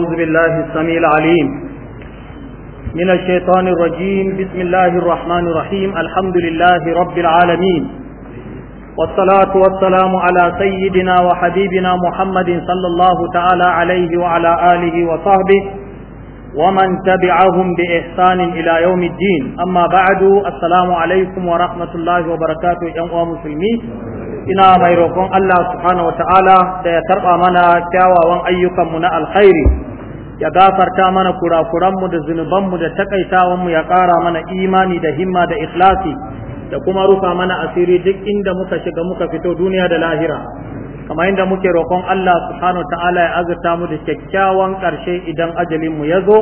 أعوذ بالله السميع العليم من الشيطان الرجيم بسم الله الرحمن الرحيم الحمد لله رب العالمين والصلاة والسلام على سيدنا وحبيبنا محمد صلى الله تعالى عليه وعلى آله وصحبه ومن تبعهم بإحسان إلى يوم الدين أما بعد السلام عليكم ورحمة الله وبركاته يا مسلمين ina mai roƙon Allah subhanahu wataala da ya tarba mana kyawawan ayyukanmu na alkhairi ya gafarta mana kurakuranmu da zunubanmu da takaitawanmu ya ƙara mana imani da himma da ikhlasi da kuma rufa mana asiri duk inda muka shiga muka fito duniya da lahira kamar inda muke roƙon Allah subhanahu wataala ya azurta mu da kyakkyawan ƙarshe idan ajalin mu ya zo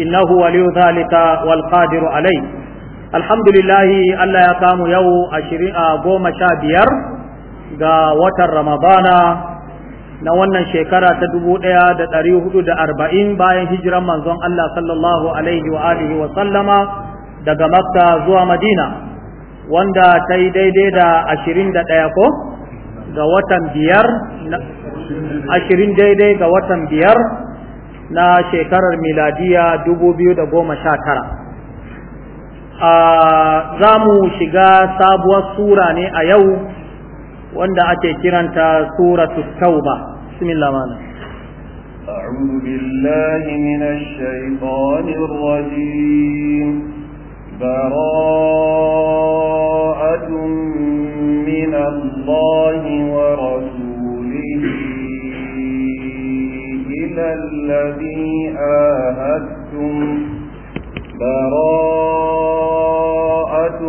innahu waliyu zalika wal qadiru alai lillahi Allah ya samu yau ashirin a goma sha biyar ga watan ramadana na wannan shekara ta dubu ɗaya da ɗari hudu da arba'in bayan hijiran manzon Allah sallallahu alaihi wa alihi wa sallama daga Makka zuwa Madina wanda ta yi daidai da ashirin da ɗaya ko ga watan biyar ashirin daidai ga watan biyar na shekarar miladiya dubu biyu da goma sha tara ah, za mu shiga sabuwar sura ne a yau wanda ake kiranta suratu tauba bismillah malam أعوذ بالله من الشيطان الرجيم براءة من الله ورسوله إلى الذي آهدتم براءة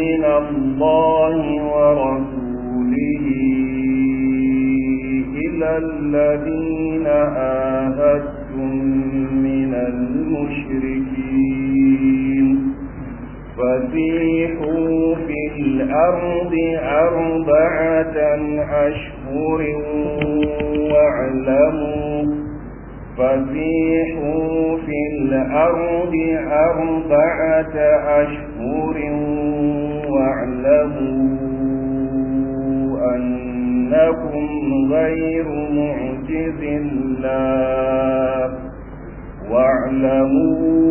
من الله ورسوله إلى الذين آهدتم من المشركين فسيحوا في الأرض أربعة أشهر واعلموا فسيحوا في الأرض أربعة أشهر واعلموا أنكم غير معجز الله واعلموا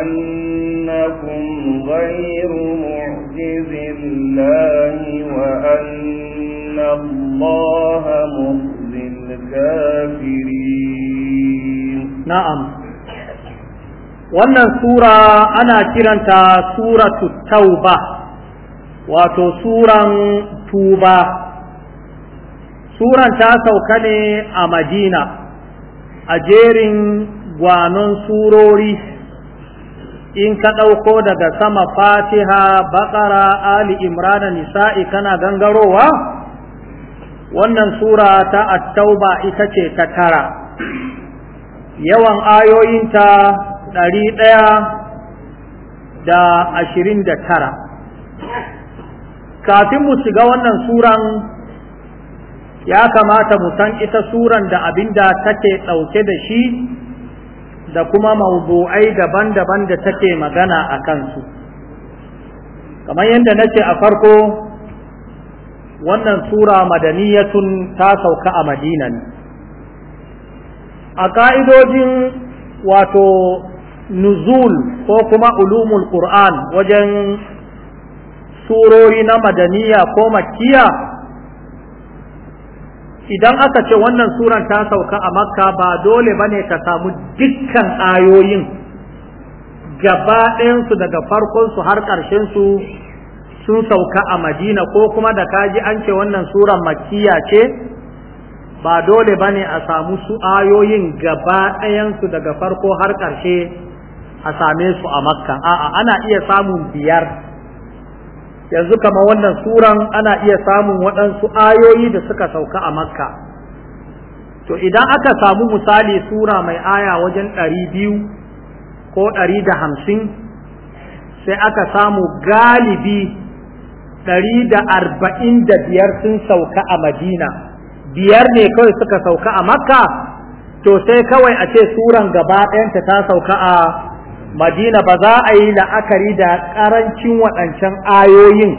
أنكم غير معجز الله وأن الله مخزي الكافرين نعم wannan sura ana kiranta suratul tauba wato suran tuba suran ta sauka ne a madina a jerin gwanon surori in ka ɗauko daga sama fatiha baƙara ali imrana nisa'i kana gangarowa wannan sura ta attauba ita ce ta tara yawan ayoyinta ɗari ɗaya da ashirin da tara kafin mu shiga wannan suran ya kamata mu san ita suran da abinda take ɗauke da shi da kuma mawdu'ai daban-daban da take magana a kansu kamar yadda na ce a farko wannan sura madaniyatun ta sauka a madinan. a ƙa'idojin wato nuzul ko kuma ulumul qur'an wajen surori na madaniya ko makkiya idan aka ce wannan suran ta sauka a makka ba dole bane ka samu dukkan ayoyin gaba su daga farkonsu har ƙarshensu sun sauka a madina ko kuma da kaji an ce wannan suran makkiya ce ba dole bane a samu su ayoyin gaba su daga farko har ƙarshe a same su a makka a'a ana iya samun biyar yanzu kama wannan suran ana iya samun waɗansu ayoyi da suka sauka a makka to idan aka samu misali sura mai aya wajen ɗari biyu ko ɗari da hamsin sai aka samu galibi ɗari da arba'in da biyar sun sauka a madina biyar ne kawai suka sauka a makka to sai kawai a ce suran gaba ɗayanta ta sauka a madina ba za a yi la'akari da ƙarancin waɗancan ayoyin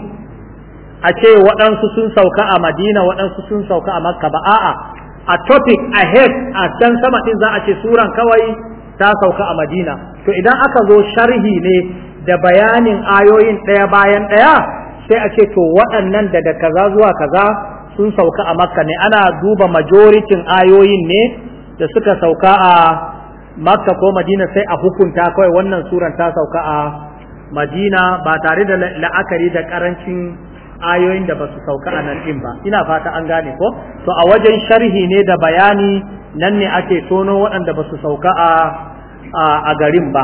a ce waɗansu sun sauka a madina waɗansu sun sauka a makka ba a'a a topic ahead a can sama ɗin za a ce suran kawai ta sauka a madina to idan aka zo sharhi ne da bayanin ayoyin ɗaya bayan ɗaya sai a ce to waɗannan daga kaza zuwa kaza sun sauka a makka ne ana duba majoritin ayoyin ne da suka sauka a makka ko madina sai a hukunta kawai wannan suran ta sauka a madina ba tare da la'akari da karancin ayoyin da ba su sauka a nan ɗin ba ina fata an gane ko to a wajen sharhi ne da bayani nan ne ake tono waɗanda ba su sauka a a garin ba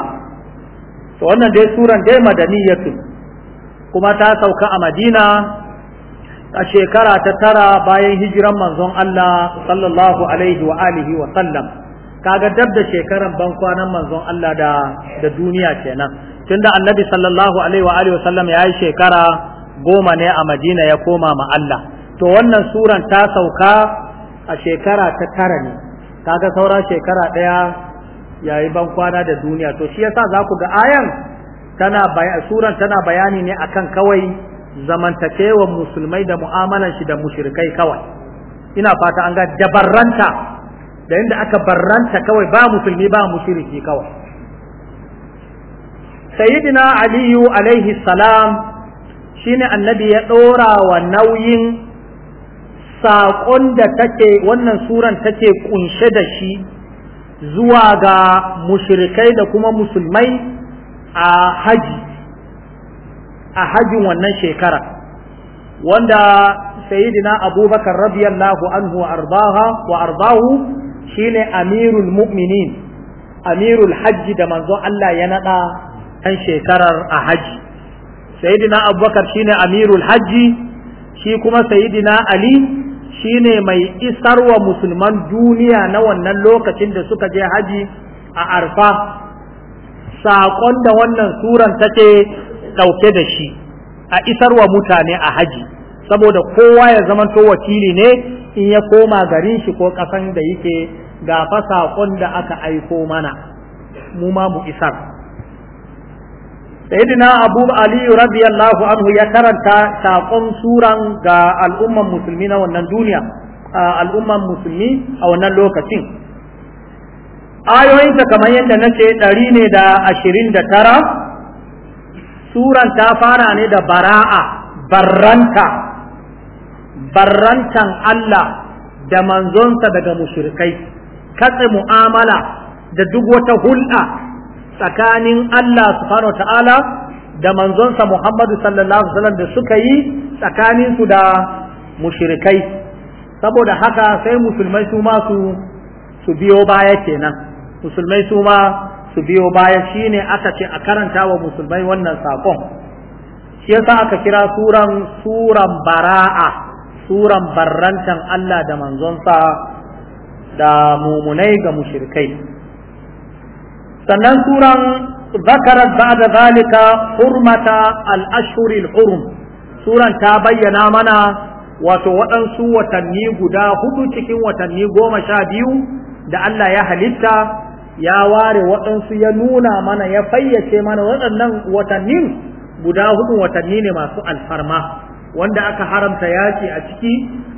to wannan dai suran dai madaniyatu kuma ta sauka a madina a shekara ta tara bayan hijiran manzon Allah sallallahu alaihi wa alihi wa sallam kaga dab da shekaran ban kwanan manzon Allah da da duniya kenan tunda annabi sallallahu alaihi wa alihi wasallam ya yi shekara goma ne a Madina ya koma ma Allah to wannan suran ta sauka a shekara ta tara ne kaga saura shekara daya yayi ban kwana da duniya to shi yasa za ku ga ayan tana suran tana bayani ne akan kawai zamantakewa musulmai da mu'amalan shi da mushrikai kawai ina fata an ga dabarranta da inda aka barranta kawai ba musulmi ba mushriki kawai sayyidina aliyu alaihi salam shine annabi ya ɗora wa nauyin saƙon da take wannan suran take kunshe da shi zuwa ga mushrikai da kuma musulmai a haji a hajin wannan shekara wanda sayyidina abubakar radiyallahu anhu wa ardahu shine amirul mu'minin amirul hajji da manzon Allah ya naɗa kan shekarar a haji sayyidina abubakar shine amirul hajji shi kuma sayyidina ali shine mai isarwa musulman duniya na wannan lokacin da suka je haji a arfa saƙon da wannan suran take ɗauke da shi a isarwa mutane a haji saboda kowa ya zamanto wakili ne in ya koma garin shi ko ƙasan da yake ga fa saƙon da aka aiko mana mu ma mu isar sayyidina abu ali radiyallahu anhu ya karanta saƙon suran ga al'umman musulmi na wannan duniya al'umman musulmi a wannan lokacin ayoyinsa kamar yadda na ce ɗari ne da ashirin da tara suran ta fara ne da bara'a barranta barrantan Allah da manzonsa daga mushrikai katse mu'amala da duk wata hulɗa tsakanin Allah subhanahu ta'ala da manzonsa Muhammadu sallallahu alaihi wasallam da suka yi tsakanin da mushrikai saboda haka sai musulmai su ma su biyo baya kenan musulmai su ma su biyo baya shine aka ce a karanta wa musulmai wannan sakon shi yasa aka kira suran suran bara'a suran barrantan Allah da manzonsa da mumunai ga mushrikai sannan suran zakarat ba'da zalika hurmata al-ashhur hurum suran ta bayyana mana wato waɗansu watanni guda hudu cikin watanni goma sha biyu da Allah ya halitta ya ware waɗansu ya nuna mana ya fayyace mana waɗannan watanni guda hudu watanni ne masu alfarma wanda aka haramta yaki a ciki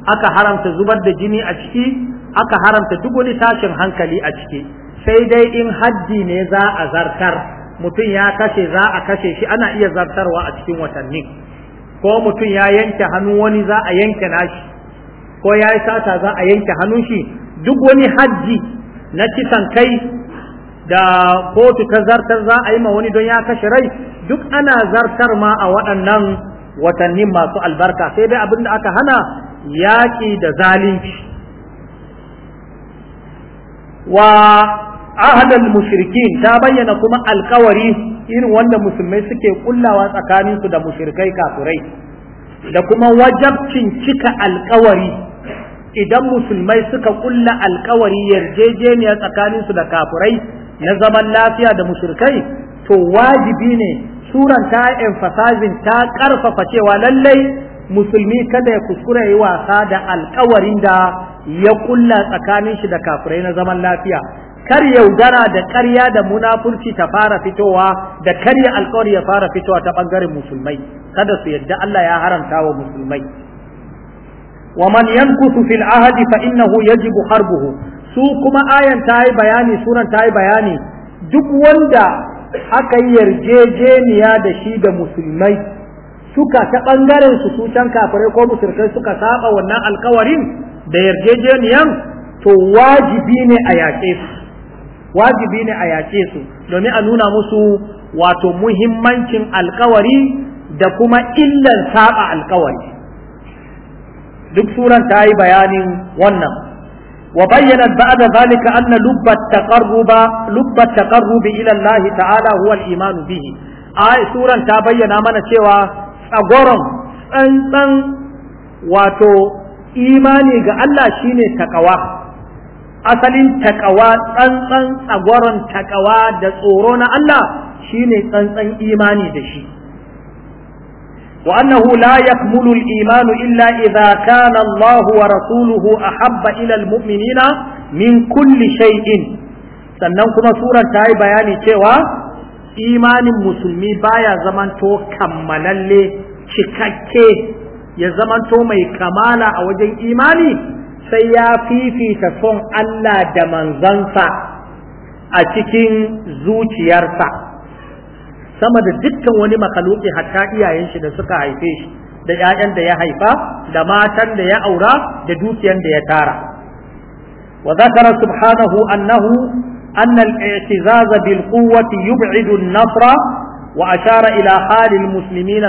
aka haramta zubar da jini a ciki aka haramta duk wani tashin hankali a ciki sai dai in haddi ne za a zartar mutum ya kashe za a kashe shi ana iya zartarwa a cikin watanni ko mutum ya yanke hannu wani za a yanke nashi ko ya yi sata za a yanke hannun shi duk wani haddi na kisan kai da kotu ta zartar za a yi ma wani don ya kashe rai duk ana zartar ma a waɗannan watannin masu albarka sai dai abin da aka hana yaƙi da zalunci wa ahadal mushrikin ta bayyana kuma alkawari irin wanda musulmai suke kullawa tsakaninsu da mushrikai kafirai da kuma wajabcin cika alkawari idan musulmai suka kulla alkawari yarjejeniya tsakaninsu da kafurai na zaman lafiya da mushrikai to wajibi ne suran ta emphasizing ta karfafa cewa lallai musulmi kada ya kuskure yi wasa da alkawarin da ya kulla tsakanin shi da kafirai na zaman lafiya kar yaudara da karya da munafurci ta fara fitowa da karya alkawari ya fara fitowa ta bangaren musulmai kada su yadda Allah ya haramta wa musulmai wa man yankusu fil ahadi fa innahu yajibu harbuhu su kuma ayan ta yi bayani sunan ta yi bayani duk wanda aka yi yarjejeniya da shi da musulmai suka ta bangaren su su can kafirai ko musulmai suka saba wannan alkawarin da yarjejeniyan to wajibi ne a yaƙe su wajibi ne a yaƙe su domin a nuna musu wato muhimmancin alkawari da kuma illan saba alkawari duk suran ta yi bayanin wannan wa bayyana ba'da zalika anna lubbat taqarruba lubbat taqarrubi ila Allah ta'ala huwa al-iman bihi a suran ta bayyana mana cewa tsagoron tsantsan wato imani ga Allah shine takawa asalin takawa tsantsan tsagwaron takawa da tsoro na Allah shine tsantsan imani da shi wa annahu la yakmulu imanu illa idha kana wa rasuluhu ahabba ila al-mu'minina min kulli shay'in sannan kuma surar ta yi bayani cewa imanin musulmi baya zaman to kammalalle cikakke ya zamanto mai kamala a wajen imani sai ya fifita son Allah da manzansa a cikin zuciyarsa sama da dukkan wani makaluki hatta iyayen shi da suka haife shi da ƴaƴan da ya haifa da matan da ya aura da dukiyar da ya tara wa zakara subhanahu annahu anna al-i'tizaz bil quwwati yub'idu an-nafra wa ashara ila halil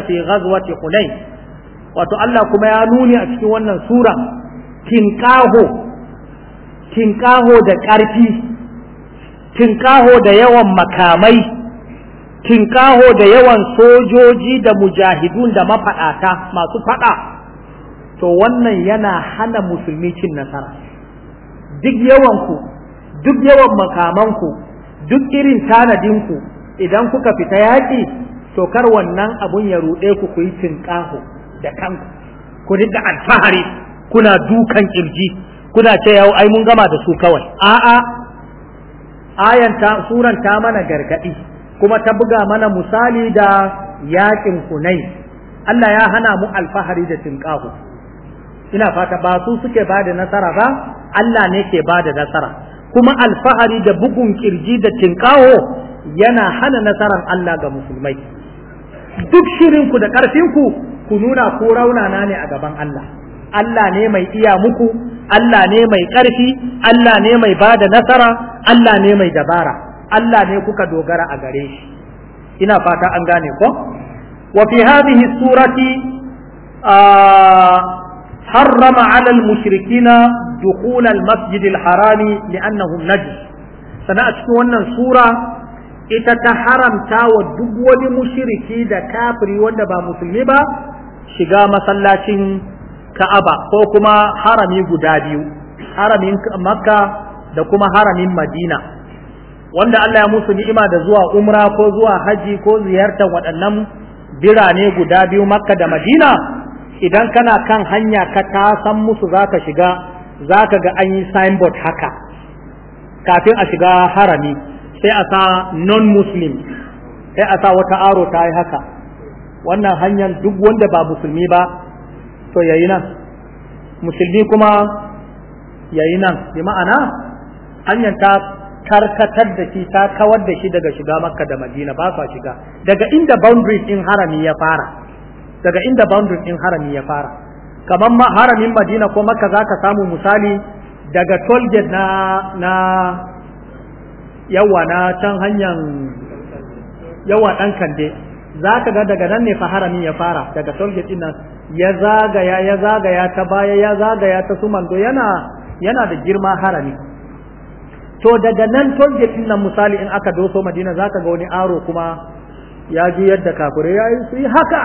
fi ghazwati hunayn wato Allah kuma ya nuni a cikin wannan sura kinkaho kinkaho da ƙarfi kinkaho da yawan makamai kinkaho da yawan sojoji da mujahidun da mafaɗata masu faɗa to wannan yana hana musulmi cin nasara duk yawanku duk yawan makamanku duk irin tanadinku idan kuka fita yaƙi to kar wannan abun ya ruɗe ku ku yi tinkaho da kanku ku rinka alfahari kuna dukan kirji kuna ce yau ai mun gama da su kawai a'a ayan ta suran ta mana gargadi kuma ta buga mana misali da yakin hunai Allah ya hana mu alfahari da tinkahu ina fata ba su suke ba da nasara ba Allah ne ke ba da nasara kuma alfahari da bugun kirji da tinkaho yana hana nasarar Allah ga musulmai duk shirinku da ƙarfinku ku nuna ko raunana ne a gaban Allah Allah ne mai iya muku Allah ne mai ƙarfi Allah ne mai ba da nasara Allah ne mai dabara Allah ne kuka dogara a gare shi ina fata an gane ko wa fi hadhihi surati harrama 'ala al-mushrikina dukhul al-masjid al-haram li'annahum najis Sana'a cikin wannan sura ita ta haramta wa duk wani mushriki da kafiri wanda ba musulmi ba shiga masallacin ka'aba ko kuma harami guda biyu haramin makka da kuma haramin madina wanda Allah ya musu ni'ima da zuwa umra ko zuwa haji ko ziyartar waɗannan birane guda biyu makka da madina idan kana kan hanya ka ta san musu zaka shiga zaka ga an yi signboard haka kafin a shiga harami sai a sa non muslim sai a sa wata aro ta yi haka wannan hanyar duk wanda ba musulmi ba to yayi nan musulmi kuma yayi nan bi ma'ana hanyar ta karkatar da shi ta kawar da shi daga shiga makka da madina ba sa shiga daga inda boundaries din harami ya fara daga inda boundary din harami ya fara kamar ma haramin madina ko makka zaka samu misali daga toll gate na na yawa na can hanyar yawa dan kande za ka ga daga nan ne fa harami ya fara daga tauhid din nan ya zagaya ya zagaya ta baya ya zagaya ta su mando yana da girma harami to daga nan tauhid din nan misali in aka doso madina za ka ga wani aro kuma ya ji yadda kafure ya yi su yi haka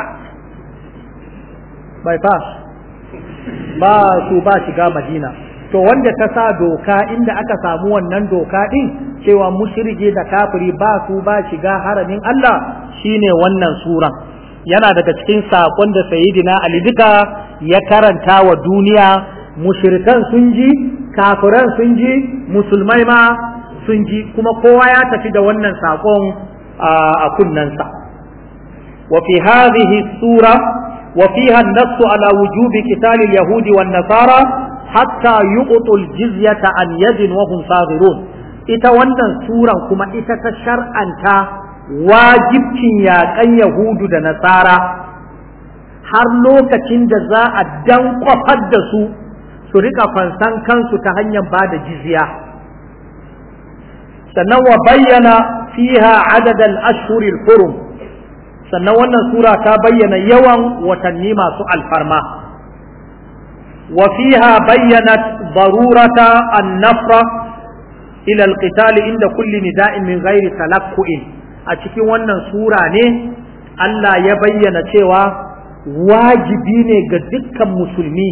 bai fa ba su ba shiga madina to wanda ta sa doka inda aka samu wannan doka din cewa mushriki da kafiri ba su ba shiga haramin Allah shine wannan suran yana daga cikin sakon da sayyidina Ali duka ya karanta wa duniya mushrikan sun ji kafiran sun ji musulmai ma sun ji kuma kowa ya tafi da wannan sakon a kunnansa wa fi hadhihi sura وفيها النص على وجوب قتال اليهود والنصارى hatta yuqtul jizyata an yadin wa hum ita wannan suran kuma ita ta shar'anta wajibcin yaƙan yahudu da nasara har lokacin da za a dankwafar da su su rika fansan kansu ta hanyar ba da jizya sannan wa bayyana fiha adadal ashuril hurum sannan wannan sura ta bayyana yawan watanni masu alfarma وفيها بينت ضرورة النفر إلى القتال عند كل نداء من غير cikin أتكي وانا سورة نه ألا يبين cewa wajibi ne ga dukkan musulmi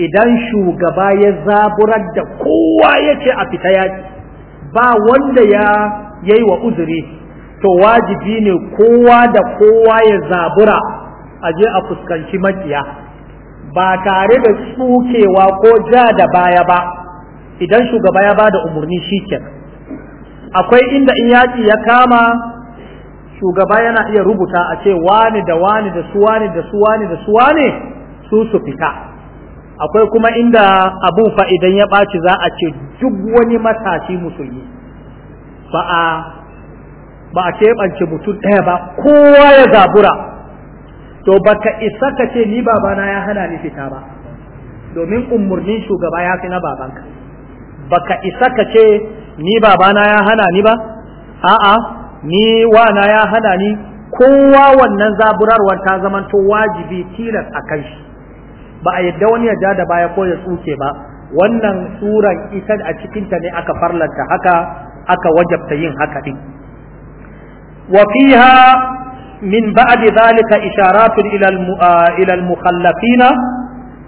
idan shugaba ya zaburar da kowa ya a fita yaƙi ba wanda ya yi wa uzuri to wajibi ne kowa da kowa ya zabura a je a fuskanci makiya ba tare da tsukewa ko ja da baya ba idan shugaba ya ba da umarni shi akwai inda in yaƙi ya kama shugaba yana iya rubuta a ce wani da wani da su wani da su wani da su wani su su fita akwai kuma inda abun fa idan ya ɓaci za a ce duk wani matashi musulmi ba a ba a keɓance mutum ɗaya ba kowa ya zabura to baka isa ka ce ni babana ya hana ni fita ba domin umurnin shugaba ya fi na babanka baka isa ka ce ni babana ya hana ni ba a'a ni wana ya hana ni kowa wannan zaburarwar ta zamanto wajibi tilas a kan shi ba a yadda wani ya ja da baya ko ya tsuke ba wannan tsuran ita a cikinta ne aka farlanta haka aka wajabta yin haka din wa fiha من بعد ذلك إشارات إلى إلى المخلفين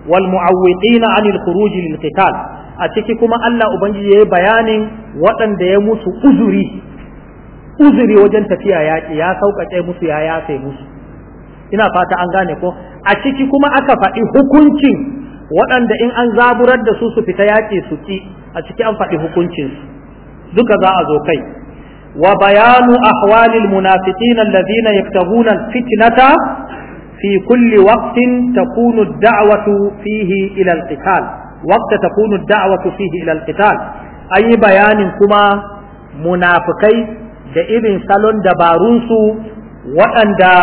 والمعوقين عن الخروج للقتال أتكي كما ألا أبنجي بيان وطن ديموس أزري أزري وجن تفيا ياكي يا سوك أتيموس يا يا سيموس ina fata an gane ko a ciki kuma aka faɗi hukuncin waɗanda in an zaburar da su su fita yaƙi su ci a ciki an faɗi hukuncinsu duka za a zo kai وبيان أحوال المنافقين الذين يبتغون الفتنة في كل وقت تكون الدعوة فيه إلى القتال وقت تكون الدعوة فيه إلى القتال أي بيان كما منافقي da irin salon dabarunsu waɗanda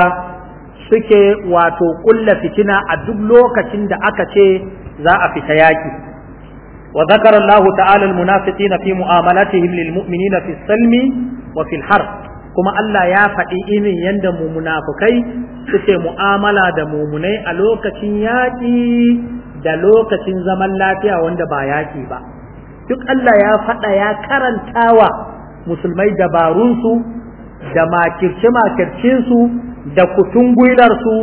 suke wato ƙulla fitina a duk lokacin da aka ce za a fita yaƙi wa zakara Allah ta'ala al-munafiqina fi mu'amalatihim lil mu'minina fi salmi wa fil kuma Allah ya faɗi irin yadda mu munafukai suke mu'amala da mumunai a lokacin yaƙi da lokacin zaman lafiya wanda ba yaƙi ba duk Allah ya faɗa ya karantawa musulmai dabarunsu da makirce makircinsu da kutungwilarsu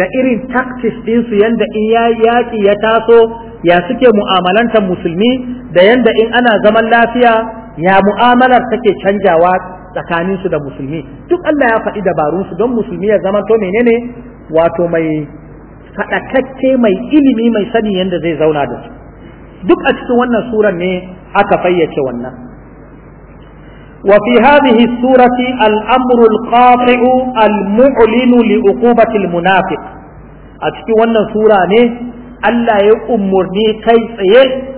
da irin taktis ɗinsu yadda in yaƙi ya taso ya suke mu'amalantar musulmi da yadda in ana zaman lafiya ya mu'amalar take canjawa tsakanin su da musulmi duk Allah ya faɗi dabarunsu su don musulmi ya zama to menene wato mai faɗakakke mai ilimi mai sani yadda zai zauna da su duk a cikin wannan surar ne aka fayyace wannan wa fi hadhihi surati al-amru al-qati'u al li al-munafiq a cikin wannan sura ne Allah ya umurni kai tsaye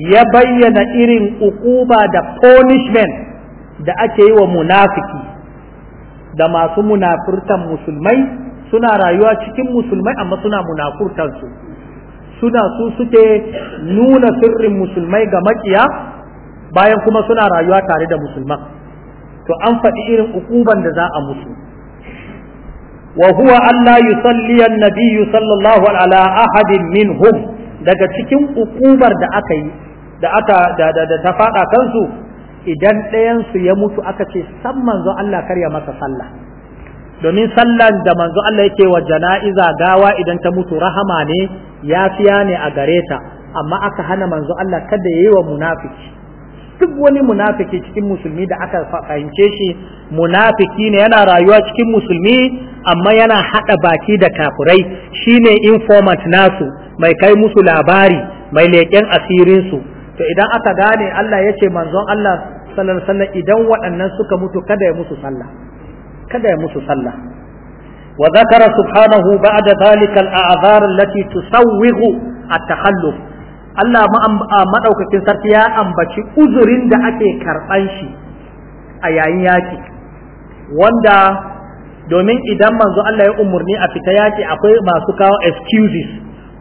ya bayyana irin ukuba da punishment da ake yi wa munafiki da masu munafurtan musulmai suna rayuwa cikin musulmai amma suna su, suna su suke nuna sirrin musulmai ga makiya bayan kuma suna rayuwa tare da musulman to an faɗi irin ukuban da za a musu wa huwa Allah yusalli Nabiyu sallallahu ala ahadin minhum daga cikin ukubar da aka yi da aka da ta fada kansu idan ɗayansu ya mutu aka ce san manzo Allah karya masa sallah domin sallan da manzo Allah yake wa jana'iza gawa idan ta mutu rahama ne ya yafiya ne a gare ta amma aka hana manzo Allah kada yayi wa munafiki duk wani munafiki cikin musulmi da aka fahimce shi munafiki ne yana rayuwa cikin musulmi amma yana haɗa baki da kafurai shine informant nasu mai kai musu labari mai leƙen asirinsu to idan aka gane Allah ya ce manzon Allah sallallahu alaihi idan waɗannan suka mutu kada ya musu sallah kada ya musu sallah wa zakara subhanahu ba'da zalika al-a'zar allati tusawwighu at-takhalluf Allah madaukakin sarki ya ambaci uzurin da ake karban shi a yayin yaki wanda domin idan manzo Allah ya umurni a fita yaki akwai masu kawo excuses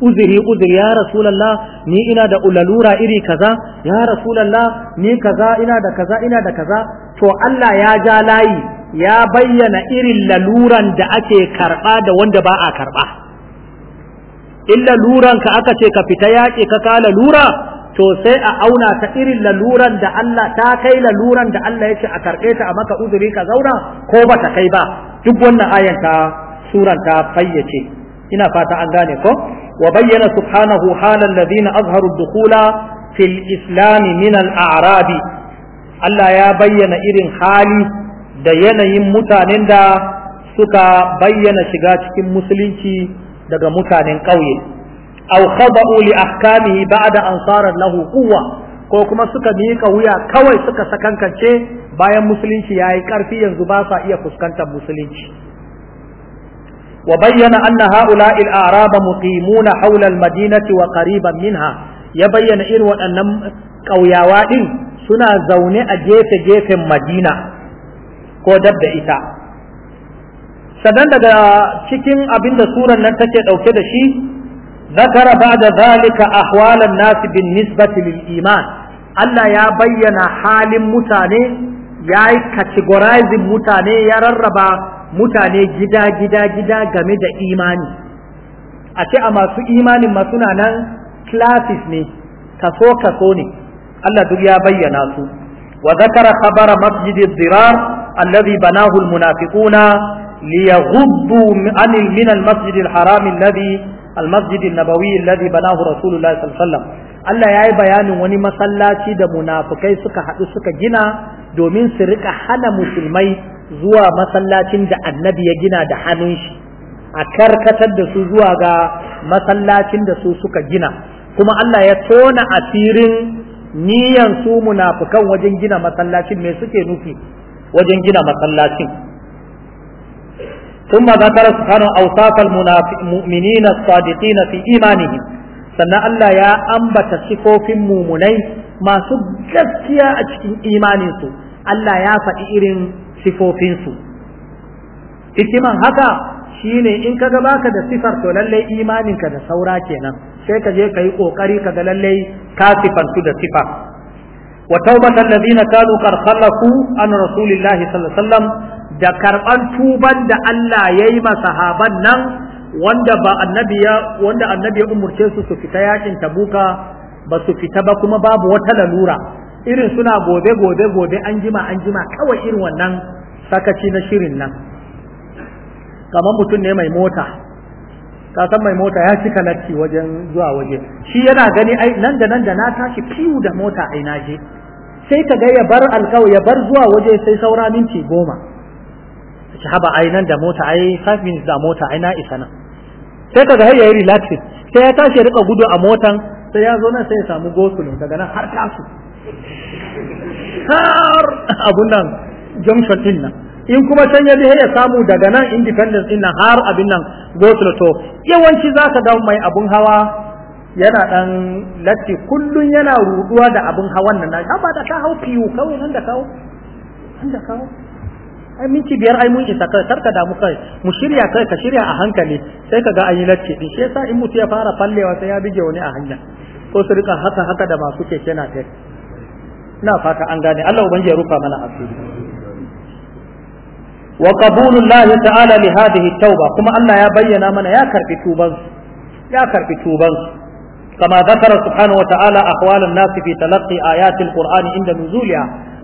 uzuri uzuri ya rasulullah ni ina da ulalura iri kaza ya rasulullah ni kaza ina da kaza ina da kaza to Allah ya ja layi ya bayyana irin laluran da ake karba da wanda ba a karba in laluran ka aka ce ka fita yaƙi ka kala lura to sai a auna ta irin laluran da Allah ta kai laluran da Allah ya ce a karɓe ta a maka uzuri ka zauna ko ba ta kai ba duk wannan ayan ta suran ta fayyace ina fata an gane ko wa bayyana subhanahu halal ladina azharu dukhula fil islam min al a'rabi Allah ya bayyana irin hali da yanayin mutanen da suka bayyana shiga cikin musulunci daga mutanen ƙauye aw khada'u li ahkamihi ba'da an sarat lahu ko kuma suka miƙa wuya kawai suka sakankance bayan musulunci yayi ƙarfi yanzu ba sa iya fuskantar musulunci wa bayyana anna ha'ula'il a'raba muqimuna hawla al-madinati wa qariban minha ya bayyana irin waɗannan ƙauyawa din suna zaune a gefe-gefen Madina ko dab da ita sannan daga cikin abinda da suran nan take ɗauke da shi ذكر بعد ذلك أحوال الناس بالنسبة iman. Allah ya bayyana halin mutane ya yi categorizing mutane ya rarraba mutane gida-gida-gida game da imani a ce a masu imanin masu nan classes ne kaso-kaso ne Allah duk ya bayyana su wa zakara khabara masjidi zirar allazi banahu almunafiquna liyaghuddu an min almasjid alharam allazi المسجد النبوي الذي بناه رسول الله صلى الله عليه وسلم Allah ya yi bayanin wani masallaci da munafukai suka haɗu suka gina domin su rika hana musulmai zuwa masallacin da annabi ya gina da hannun shi a karkatar da su zuwa ga masallacin da su suka gina kuma Allah ya tona asirin niyan su munafukan wajen gina masallacin me suke nufi wajen gina masallacin ثم ذكر سبحانه أوصاف المؤمنين na في إيمانهم sannan Allah ya ambata sifofin mumunai masu gaskiya a cikin imaninsu Allah ya faɗi irin sifofinsu hikiman haka shine in kaga baka da sifar to lallai imaninka da saura kenan sai ka je kayi ƙoƙari ka ga lallai ka sifantu da sifa wa taubatan ladina kanu qad khallafu an rasulillahi sallallahu alaihi da karban tuban da Allah ya yi sahaban nan wanda ba annabi ya wanda annabi ya umurce su su fita yakin tabuka ba su fita ba kuma babu wata lalura irin suna gobe gobe gobe an jima an jima kawai irin wannan sakaci na shirin nan kamar mutum ne mai mota ka san mai mota ya cika latti wajen zuwa waje shi yana gani ai nan da nan da na tashi fiyu da mota ai na je sai ka ga ya bar alƙaw ya bar zuwa waje sai saura minti goma ki haba ai nan da mota ai 5 minutes da mota ai na isa nan sai kaga har yayi relaxing sai ya tashi ya rika gudu a motan sai ya zo nan sai ya samu ne daga nan har su, har abun nan junction din nan in kuma can ya ya samu daga nan independence din nan har abin nan gosu to yawanci za ka ga mai abun hawa yana dan latti kullun yana ruduwa da abun hawan nan amma da ka hau fiyu kawai nan da kawo nan da kawo ai minti biyar ai mun isa kai karka damu kai mu shirya kai ka shirya a hankali sai ka ga an yi lacce din shi yasa in mutu ya fara fallewa sai ya bige wani a hanya ko su rika haka haka da masu keke na tek ina fata an gane Allah ubangiji ya rufa mana asiri wa qabulullah ta'ala li hadhihi tauba kuma Allah ya bayyana mana ya karbi tuban ya karbi tuban كما ذكر سبحانه وتعالى أحوال الناس في تلقي Qur'ani, Inda عند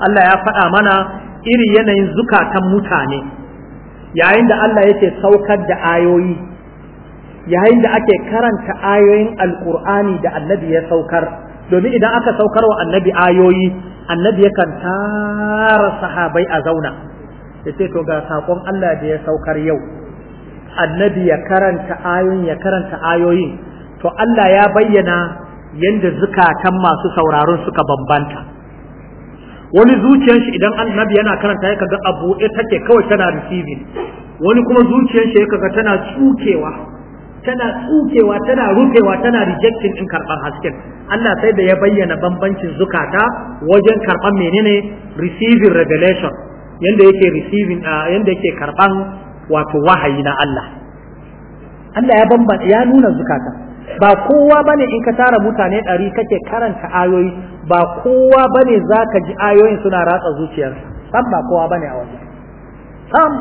Allah ya faɗa mana. Iri yanayin zukatan mutane yayin da Allah yake saukar da ayoyi yayin da ake karanta ayoyin alkur'ani da annabi ya saukar domin idan aka saukar wa annabi ayoyi annabi yakan tara sahabai a zauna ya ce to ga sakon Allah da ya saukar yau annabi ya karanta ayoyin ya karanta ayoyin to Allah ya bayyana yadda zukatan masu sauraron suka bambanta wani zuciyar shi idan annabi yana karanta ya ga abu ɗaya take kawai tana receiving wani kuma zuciyar shi ya kaga tana tsukewa tana tsukewa tana rufewa tana rejecting in karban hasken Allah sai da ya bayyana bambancin zukata wajen karban menene receiving revelation yanda yake receiving ah, yanda yake karban wato wahayi na Allah Allah ya bambanta ya nuna zukata ba kowa bane in ka tara mutane ɗari kake karanta ayoyi ba kowa bane za ka ji ayoyin suna ratsa zuciyarsa sam ba kowa bane a wajen sam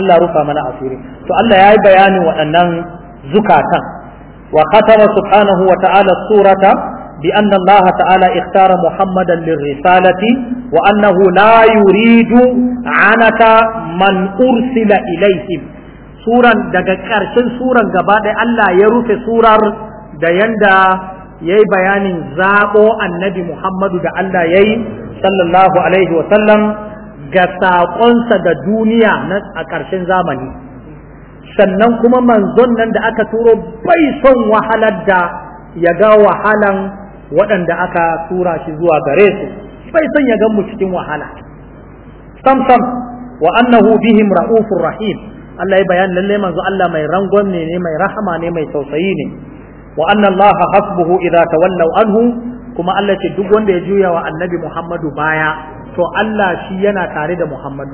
Allah rufa mana asiri to Allah ya yi bayanin waɗannan zukatan wa khatama subhanahu wa ta'ala surata bi anna Allah ta'ala ikhtara Muhammadan lirrisalati wa annahu la yuridu anata man ursila ilaihim suran daga ƙarshen suran gaba ɗaya Allah ya rufe surar da yanda ya yi bayanin zaɓo annabi Muhammadu da Allah ya yi sallallahu alaihi wasallam ga saƙonsa da duniya na a ƙarshen zamani sannan kuma manzon nan da aka turo bai son wahalar da ya ga wahalan waɗanda aka tura shi zuwa gare su bai son ya gan mu cikin wahala sam sam wa annahu bihim ra'ufur rahim Allah ya bayani lalle manzo Allah mai rangon ne ne mai rahama ne mai tausayi ne wa anna Allah hasbuhu idza tawallaw anhu kuma Allah ce duk wanda ya juya wa annabi Muhammadu baya to Allah shi yana tare da Muhammadu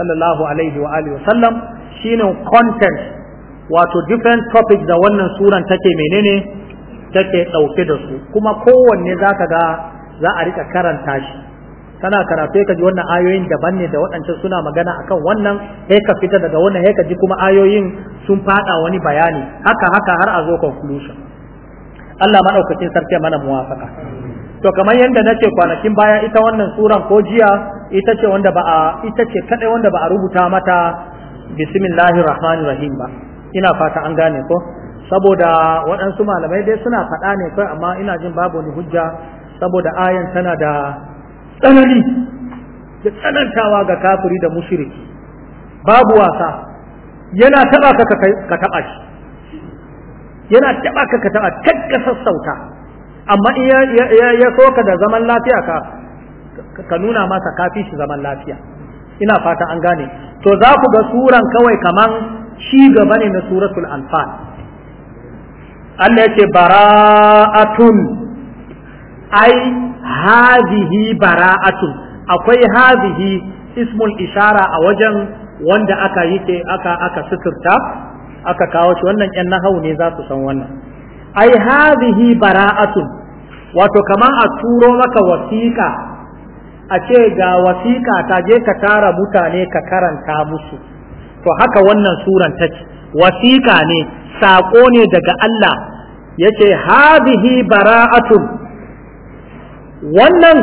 sallallahu alaihi wa alihi wasallam shine content wato different topics da wannan suran take menene take dauke da su kuma kowanne zaka ga za a rika karanta shi kana karatu ka ji wannan ayoyin daban ne da waɗancan suna magana akan wannan sai ka fita daga wannan sai ka ji kuma ayoyin sun fada wani bayani haka haka har a zo conclusion Allah madaukakin sarki mana muwafaka to kamar yadda na ce kwanakin baya ita wannan suran ko jiya ita ce wanda ba a ita ce kadai wanda ba a rubuta mata bismillahir rahmanir rahim ba ina fata an gane ko saboda waɗansu malamai dai suna faɗa ne kai amma ina jin babu ni hujja saboda ayan tana da tsanani da tsanantawa ga kafiri da mushriki babu wasa yana taba ka ka taba shi yana taba ka ka taba kakka sassauta amma in ya so ka da zaman lafiya ka ka nuna masa kafi shi zaman lafiya ina fata an gane to za ku ga suran kawai kaman shi gaba ne na suratul anfal Allah yake bara'atun ai hadhihi bara'atun akwai hadhihi ismul ishara a wajen wanda aka yi aka aka suturta aka kawo shi wannan yan nahau ne za su san wannan ai hadhihi bara'atun wato kamar a turo maka wasiƙa a ce ga wasiƙa ta je ka tara mutane ka karanta musu to haka wannan suran take wasiƙa ne saƙo ne daga Allah yace hadhihi bara'atun wannan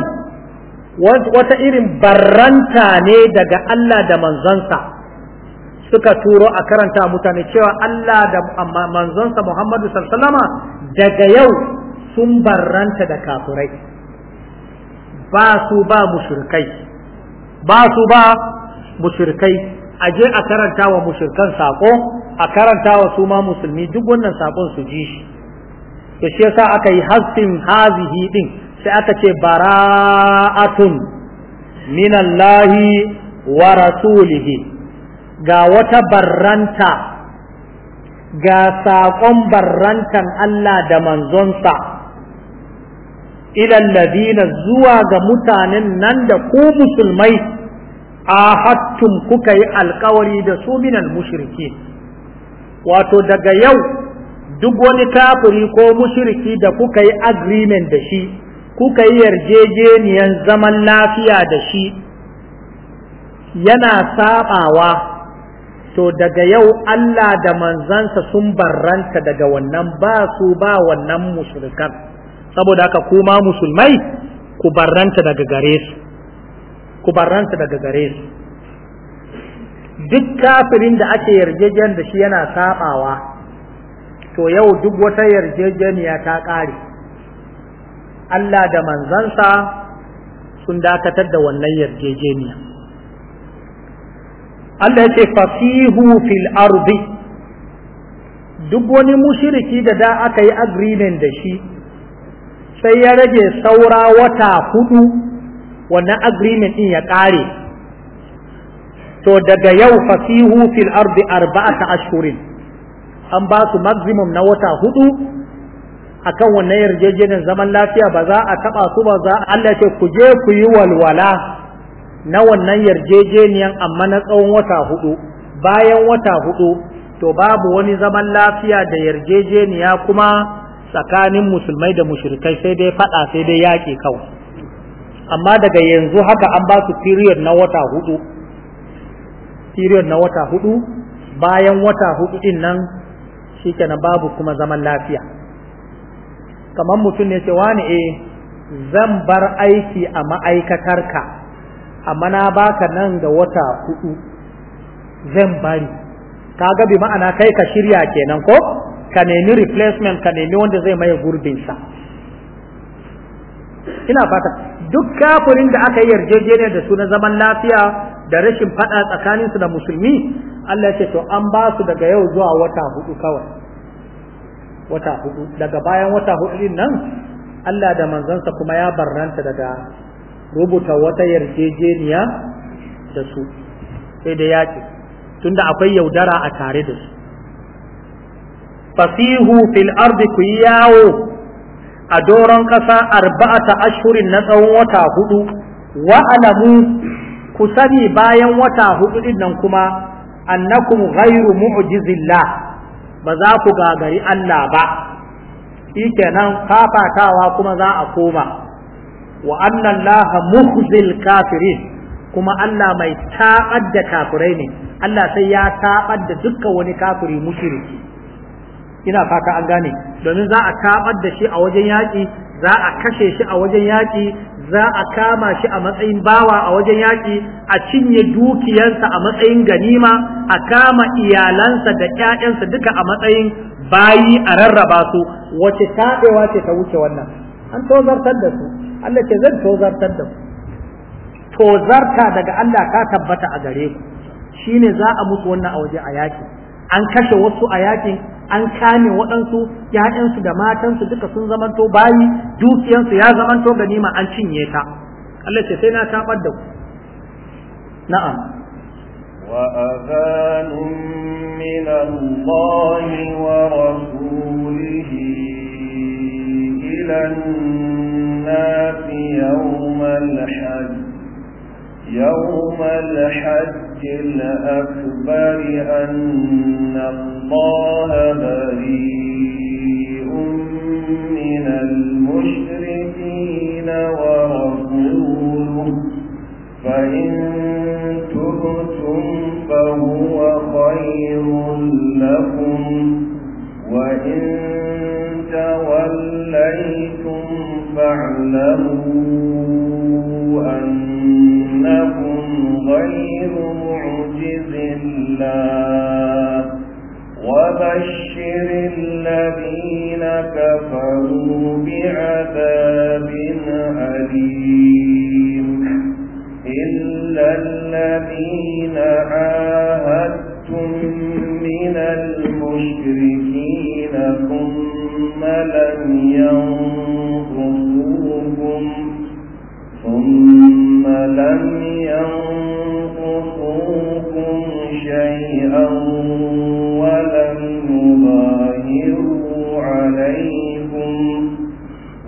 wata irin barranta ne daga Allah da manzansa suka turo a karanta mutane cewa Allah da manzansa Muhammadu sallama daga yau sun barranta da kafurai ba su ba mushrikai ba su ba mushrikai aje a karanta wa mushrikan sako a karanta wa su musulmi duk wannan saƙon su ji shi to shi yasa aka yi hasfin hazihi din sai aka ce bara'atun minallahi wa rasulihi ga wata barranta ga saƙon barrantan Allah da manzonsa idan ladina zuwa ga mutanen nan da ku musulmai a hattun kuka yi alkawari da su minan mushriki wato daga yau duk wani kafiri ko mushriki da kuka yi agreement da shi kuka yi yarjejeniyan zaman lafiya da shi yana sabawa to daga yau Allah da manzansa sun barranta daga wannan ba su ba wannan musulkan saboda haka kuma musulmai ku barranta daga gare su ku barranta daga gare su duk kafirin da ake yarjejen da shi yana sabawa to yau duk wata yarjejeniya ta ƙare Allah da manzansa sun dakatar da wannan yarjejeniya Allah ya ce fasihu fil ardi duk wani mushiriki da da aka yi agreement da shi sai ya rage saura wata hudu wannan agreement din ya kare to daga yau fasihu fil ardi arba'ata ashhurin an ba su maximum na wata hudu akan wannan yarjejeniyar zaman lafiya ba za a taba su ba za Allah ce ku je ku yi walwala na wannan yarjejeniyar amma na tsawon wata hudu bayan wata hudu to babu wani zaman lafiya da yarjejeniya kuma tsakanin musulmai da mushrikai sai dai fada sai dai yaki kawai amma daga yanzu haka an ba su period na wata hudu period na wata hudu bayan wata hudu din nan shikenan babu kuma zaman lafiya kamar mutum ne ce wani eh zan bar aiki a ma'aikatarka amma na baka nan ga wata hudu zan bari ka bi ma'ana kai ka shirya kenan ko ka nemi replacement ka nemi wanda zai maye gurbinsa ina fata duk kafirin da aka yi yarjejeniya da su na zaman lafiya da rashin fada tsakaninsu da musulmi Allah ya ce to an ba su daga yau zuwa wata hudu kawai wata hudu daga bayan wata hudu din nan Allah da manzansa kuma ya barranta daga rubuta wata yarjejeniya da su sai da yaƙi tunda akwai yaudara a tare da su fasihu fil ardi ku yawo a doron ƙasa arba'ata ashurin na tsawon wata hudu wa alamu ku sani bayan wata hudu din nan kuma annakum ghairu mu'jizillah ba za ku gagari Allah ba shi kenan fafatawa kuma za a koma wa annan laha muhzil kafirin kuma Allah mai taɓar da kafirai ne Allah sai ya taɓar da dukkan wani kafiri mushriki ina fata an gane domin za a taɓar da shi a wajen yaƙi za a kashe shi a wajen yaƙi za a kama shi a matsayin bawa a wajen yaƙi a cinye dukiyarsa a matsayin ganima a kama iyalansa da ƴaƴansa duka a matsayin bayi a rarraba su wace taɓewa ce ta wuce wannan an tozartar da su Allah ce zan tozartar da ku tozarta daga Allah ta tabbata a gare ku shine za a mutu wannan a waje a yaƙi an kashe wasu a yakin an kame waɗansu ‘ya'yansu da matansu duka sun zamanto bayi dukiyansu ya zamanto ganima an cinye ta Allah ce sai na tabar da ku na'am wa azanun min Allah wa rasulihi ilan nafi nas hajj يوم الحج الأكبر أن الله بريء من المشركين ورسوله فإن تبتم فهو خير لكم وإن توليتم فاعلموا أن غير معجز الله وبشر الذين كفروا بعذاب أليم إلا الذين عاهدتم من المشركين ثم لم يروا لكم شيئا ولم يظاهروا عليكم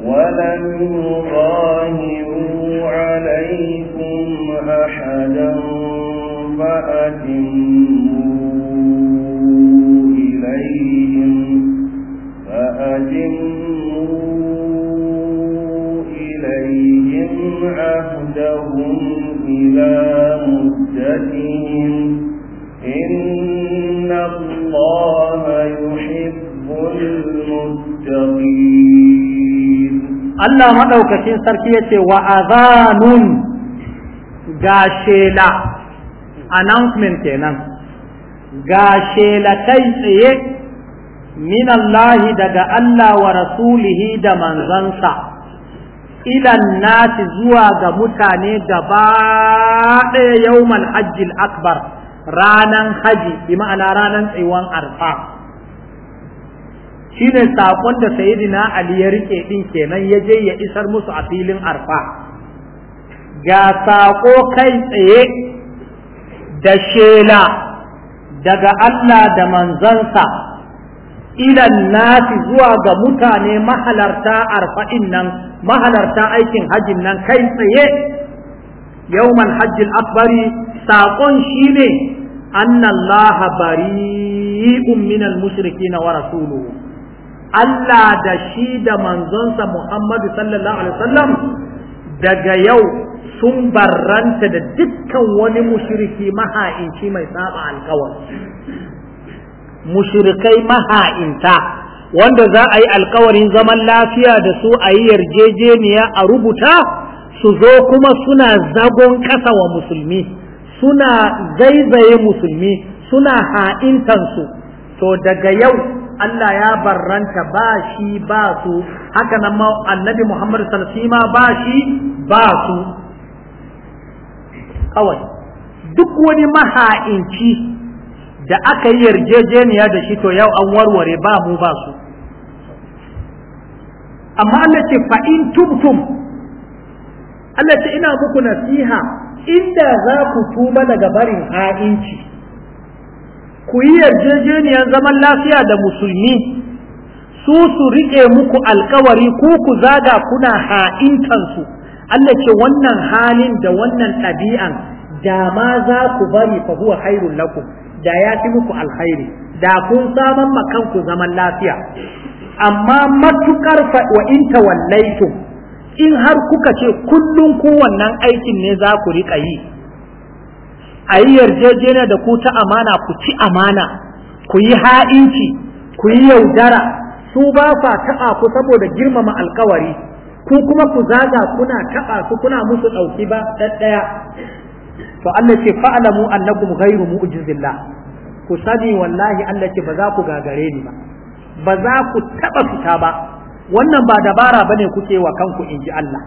ولم يظاهروا عليكم أحدا فأتموا إليهم فأتموا إليهم عهدهم إلى Allah maɗaukacin sarki ya ce wa azanun ga shela announcement kenan ga shelatai tsaye min Allahi daga Allah wa rasulihi da manzansa ilan nasi zuwa ga mutane gaba ɗaya yawmal hajjil akbar ranan haji bi ma'ana ranan tsayuwan arfa shine sakon da sayyidina ali ya rike din kenan ya je ya isar musu a filin arfa ga sako kai tsaye da shela daga Allah da manzansa idan nasi zuwa ga mutane mahalarta arfa'in nan mahalarta aikin hajjin nan kai tsaye yawman hajjil akbari saƙon shi ne annallaha bari'un minal mushrikina wa rasuluhu Allah da shi da manzonsa Muhammadu sallallahu alaihi wasallam daga yau sun barranta da dukkan wani mushriki maha'inci mai saba alkawar. mushrikai maha'inta wanda za a yi alkawarin zaman lafiya da su a yi yarjejeniya a rubuta su zo kuma suna zagon ƙasa wa musulmi suna zaizaye musulmi suna ha'intansu to daga yau Allah ya barranta ba shi ba su haka nan ma annabi Muhammad salsima ba shi ba su kawai duk wani maha'inci da aka yi yarjejeniya da shi to yau an warware ba mu ba su amma Allah ce fa'in tubtum Allah ce ina muku nasiha inda za ku tuba daga barin ha'inci ku yi yarjejeniyar zaman lafiya da musulmi su su riƙe muku alkawari ku ku zaga kuna ha'intansu Allah ce wannan halin da wannan ɗabi'an da ma za ku bari fa huwa khairun lakum da ya fi muku alkhairi da kun saman makanku zaman lafiya amma matukar wa in to in har kuka ce kullum ku wannan aikin ne za ku riƙa yi a yi yarjejeniya da ku ta amana ku ci amana ku yi ha'inci ku yi yaudara su ba sa taɓa ku saboda girmama alkawari ku kuma ku zaga kuna taɓa su kuna musu ɗauki ba ɗaya to Allah ce fa'alamu annakum ghayru mu'jizillah ku sani wallahi Allah ce ba za ku gagare ni ba ba za ku taɓa fita ba wannan ba dabara bane kuke wa kanku inji Allah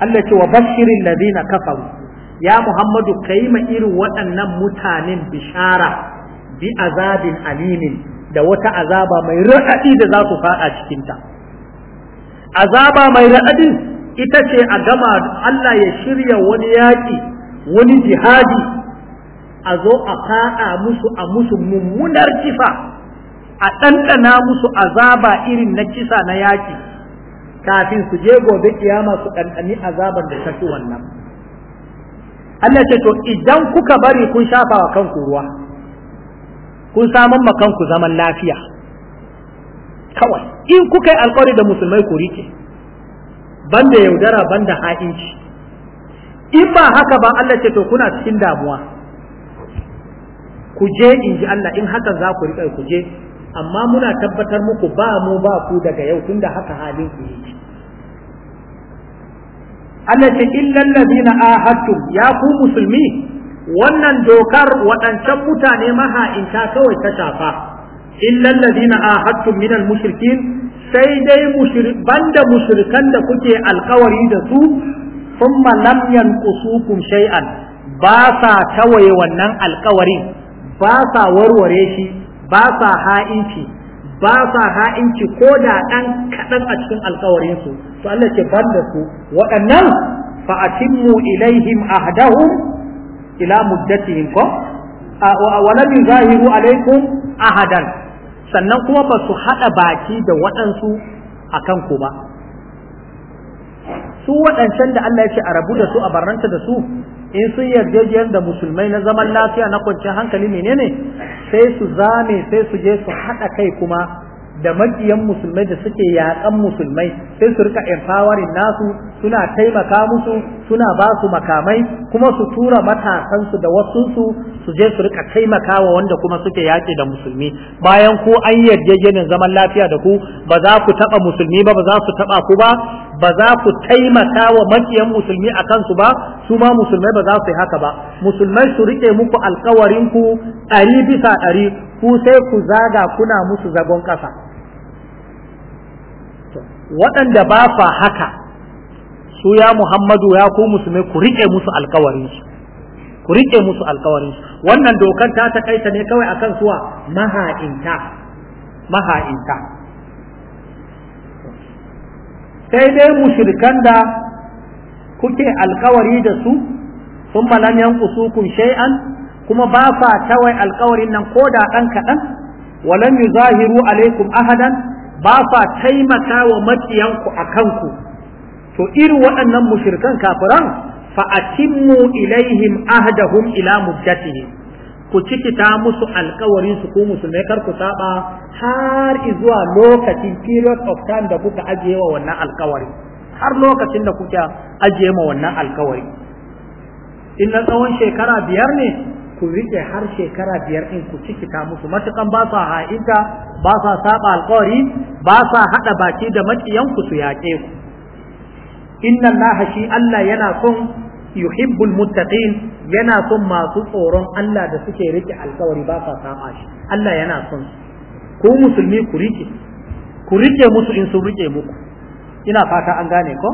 Allah ce wa bashirin ladina kafaru ya Muhammadu kai ma irin waɗannan mutanen bishara bi azabin alimin da wata azaba mai raɗaɗi da za ku faɗa cikinta azaba mai raɗaɗi ita ce a gama Allah ya shirya wani yaƙi wani jihadi a zo a faɗa musu a musu mummunar kifa a ɗanɗana musu azaba irin na kisa na yaƙi kafin su je gobe kiyama su ɗanɗani azaban da tafi wannan Allah ce to idan kuka bari kun shafa wa kanku ruwa kun samun ma kanku zaman lafiya kawai in kuka yi alkawari da musulmai ku rike banda yaudara banda ha'inci in ba haka ba Allah ce to kuna cikin damuwa ku je in ji Allah in haka za ku rike ku je amma muna tabbatar muku ba mu ba ku daga yau tunda haka halin ku yake allace ce illal ahadtum ya ku musulmi wannan dokar waɗancan mutane ta kawai ta shafa illal ladina ahadtum minal mushrikin sai dai banda mushrikan da kuke alkawari da su thumma lam yanqusukum shay'an ba sa tawaye wannan alkawari ba sa warware shi ba sa ha'inci ba sa ha'inci ko da ɗan kaɗan a cikin alkawarinsu to Allah ce ban da su waɗannan fa atimmu ilaihim ahdahum ila muddatihim ko wa lam yuzahiru alaikum ahadan sannan kuma ba su haɗa baki da waɗansu akan ku ba su waɗancan da Allah ya ce a rabu da su a barranta da su in sun yarjejiyar da musulmai na zaman lafiya na kwanciyar hankali menene sai su zame sai su je su haɗa kai kuma da majiyan musulmai da suke yaƙan musulmai sai su rika empowering nasu suna taimaka musu suna ba su makamai kuma su tura matasansu da wasu su su je su rika taimaka wa wanda kuma suke yaƙi da musulmi bayan ko an yarjejenin zaman lafiya da ku ba za ku taɓa musulmi ba ba za su taɓa ku ba ba za ku taimaka wa makiyan musulmi a kansu ba su ma musulmai ba za su yi haka ba musulmai su rike muku alkawarin ku ɗari bisa ɗari ku sai ku zaga kuna musu zagon ƙasa waɗanda ba fa haka su ya Muhammadu ya ku musulmai ku rike musu alkawarin su ku rike musu alkawarin su wannan dokar ta taƙaita ne kawai akan suwa maha'inta maha'inta sai dai mushrikan da kuke alkawari da su sun su kun shay'an kuma ba ta tawai alkawarin nan ko da ɗan kaɗan walam yuzahiru alaikum ahadan ba fa taimaka wa maƙiyanku a kanku to irin waɗannan mushirkan kafiran fa atimmu ilaihim ahdahum ila muddatihim ku cikita musu alkawarin su ku musulmai kar ku saba har zuwa lokacin period of time da kuka ajiye wa wannan alkawari har lokacin da kuka ajiye ma wannan alkawari in na tsawon shekara biyar ne ku rike har shekara biyar in ku cikita musu matukan ba sa ha'inta ba sa saba alkawari ba sa haɗa baki da maciyan ku su yaƙe ku inna allaha shi Allah yana son yuhibbul muttaqin yana son masu tsoron Allah da suke rike alkawari ba sa saba shi Allah yana son ku musulmi ku rike ku rike musu in sun rike muku ina fata an gane ko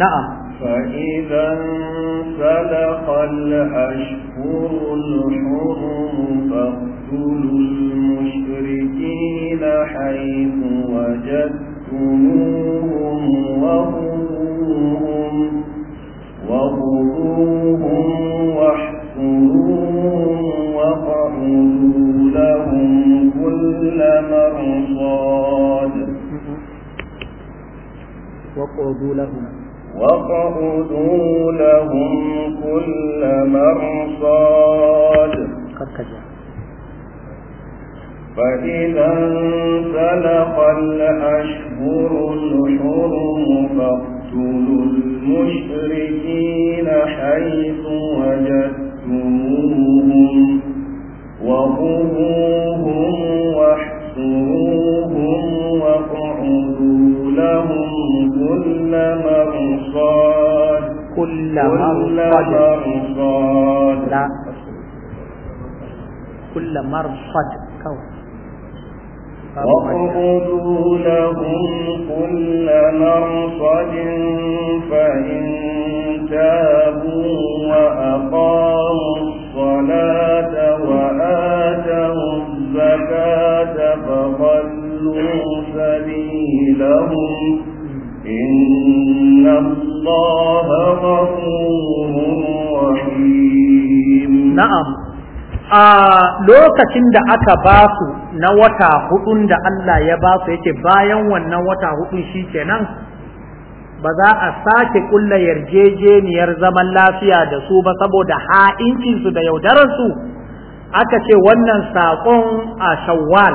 na'am فإذا انسلخ الأشهر الحرم فاقتلوا المشركين حيث وجدتموهم وهم وخذوهم واحصروهم وقعدوا لهم كل مرصاد وقعدوا لهم وقعدوا لهم كل مرصاد كركجة فإذا انسلخ الأشهر الحرم فاقتلوا المشركين حيث وجدتموهم وخذوهم واحصروهم واقعدوا لهم كل مرصاد كل مرصاد كل مرصاد واقعدوا لهم كل مرصد فإن تابوا وأقاموا الصلاة وآتوا الزكاة فخلوا سبيلهم إن الله غفور رحيم نعم a lokacin da aka ba su na wata hudun da Allah ya ba su yake bayan wannan wata hudun shi kenan ba za a sake kulla yarjejeniyar zaman lafiya da su ba saboda ha'incinsu da yaudararsu aka ce wannan saƙon a shawwal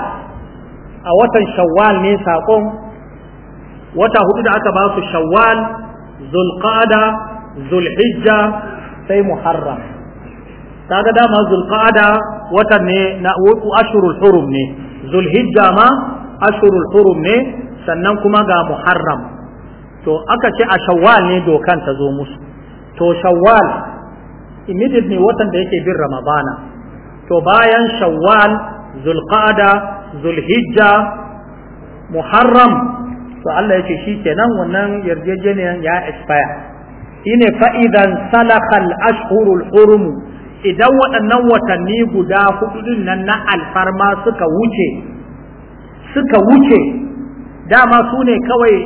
a watan shawwal ne saƙon wata hudu da aka ba su shawwal zulqada zulhijja sai muharram kaga dama zulqa'ada watan ne na wutu ashurul hurum ne zulhijja ma ashurul hurum ne sannan kuma ga muharram to aka ce a shawwal ne dokan ta zo musu to shawwal immediately watan da yake bin ramadana to bayan shawwal zulqa'ada zulhijja muharram to Allah ya ce shi kenan wannan yarjejeniyar ya expire shine fa idan salakal ashhurul hurum idan waɗannan watanni guda hudu nan na alfarma suka wuce suka wuce dama su ne kawai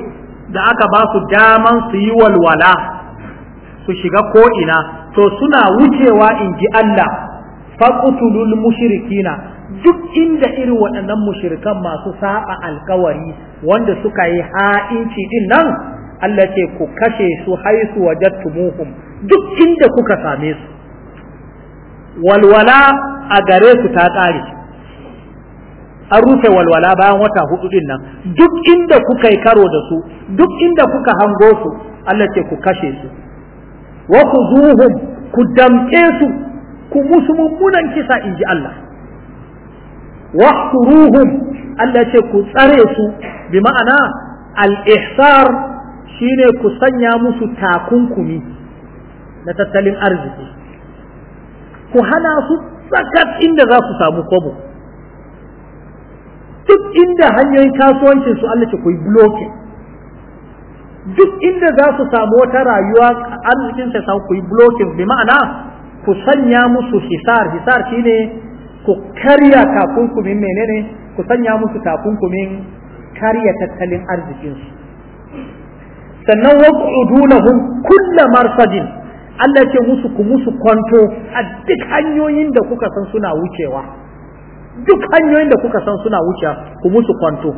da aka ba su daman su yi walwala su shiga ko'ina to suna wucewa in ji Allah faƙutulul mushrikina duk inda irin waɗannan mushrikan masu sa'a alkawari wanda suka yi ha'inci din nan Allah ce ku kashe su haisu wajadtumuhum duk inda kuka same su walwala a gare su ta ƙare an rufe walwala bayan wata hudu din nan duk inda kuka yi karo da su duk inda kuka hango su Allah ce ku kashe su wa ku zuhun ku damƙe su ku musu mummunan kisa in ji Allah wa ruhun Allah ce ku tsare su bi ma'ana al-ihsar shine ku sanya musu takunkumi na tattalin arziki ku hana su tsakat inda za su samu kwabo duk inda hanyoyin kasuwancin su Allah ce ku yi duk inda za su samu wata rayuwa arzikin sa ku yi bloke bi ma'ana ku sanya musu hisar hisar shine ku karya takunkumin menene ku sanya musu takunkumin karya tattalin arzikin su sannan wauduna lahum kullu marsajin Allah ce musu ku musu kwanto a duk hanyoyin da kuka san suna wucewa duk hanyoyin da kuka san suna wucewa ku musu kwanto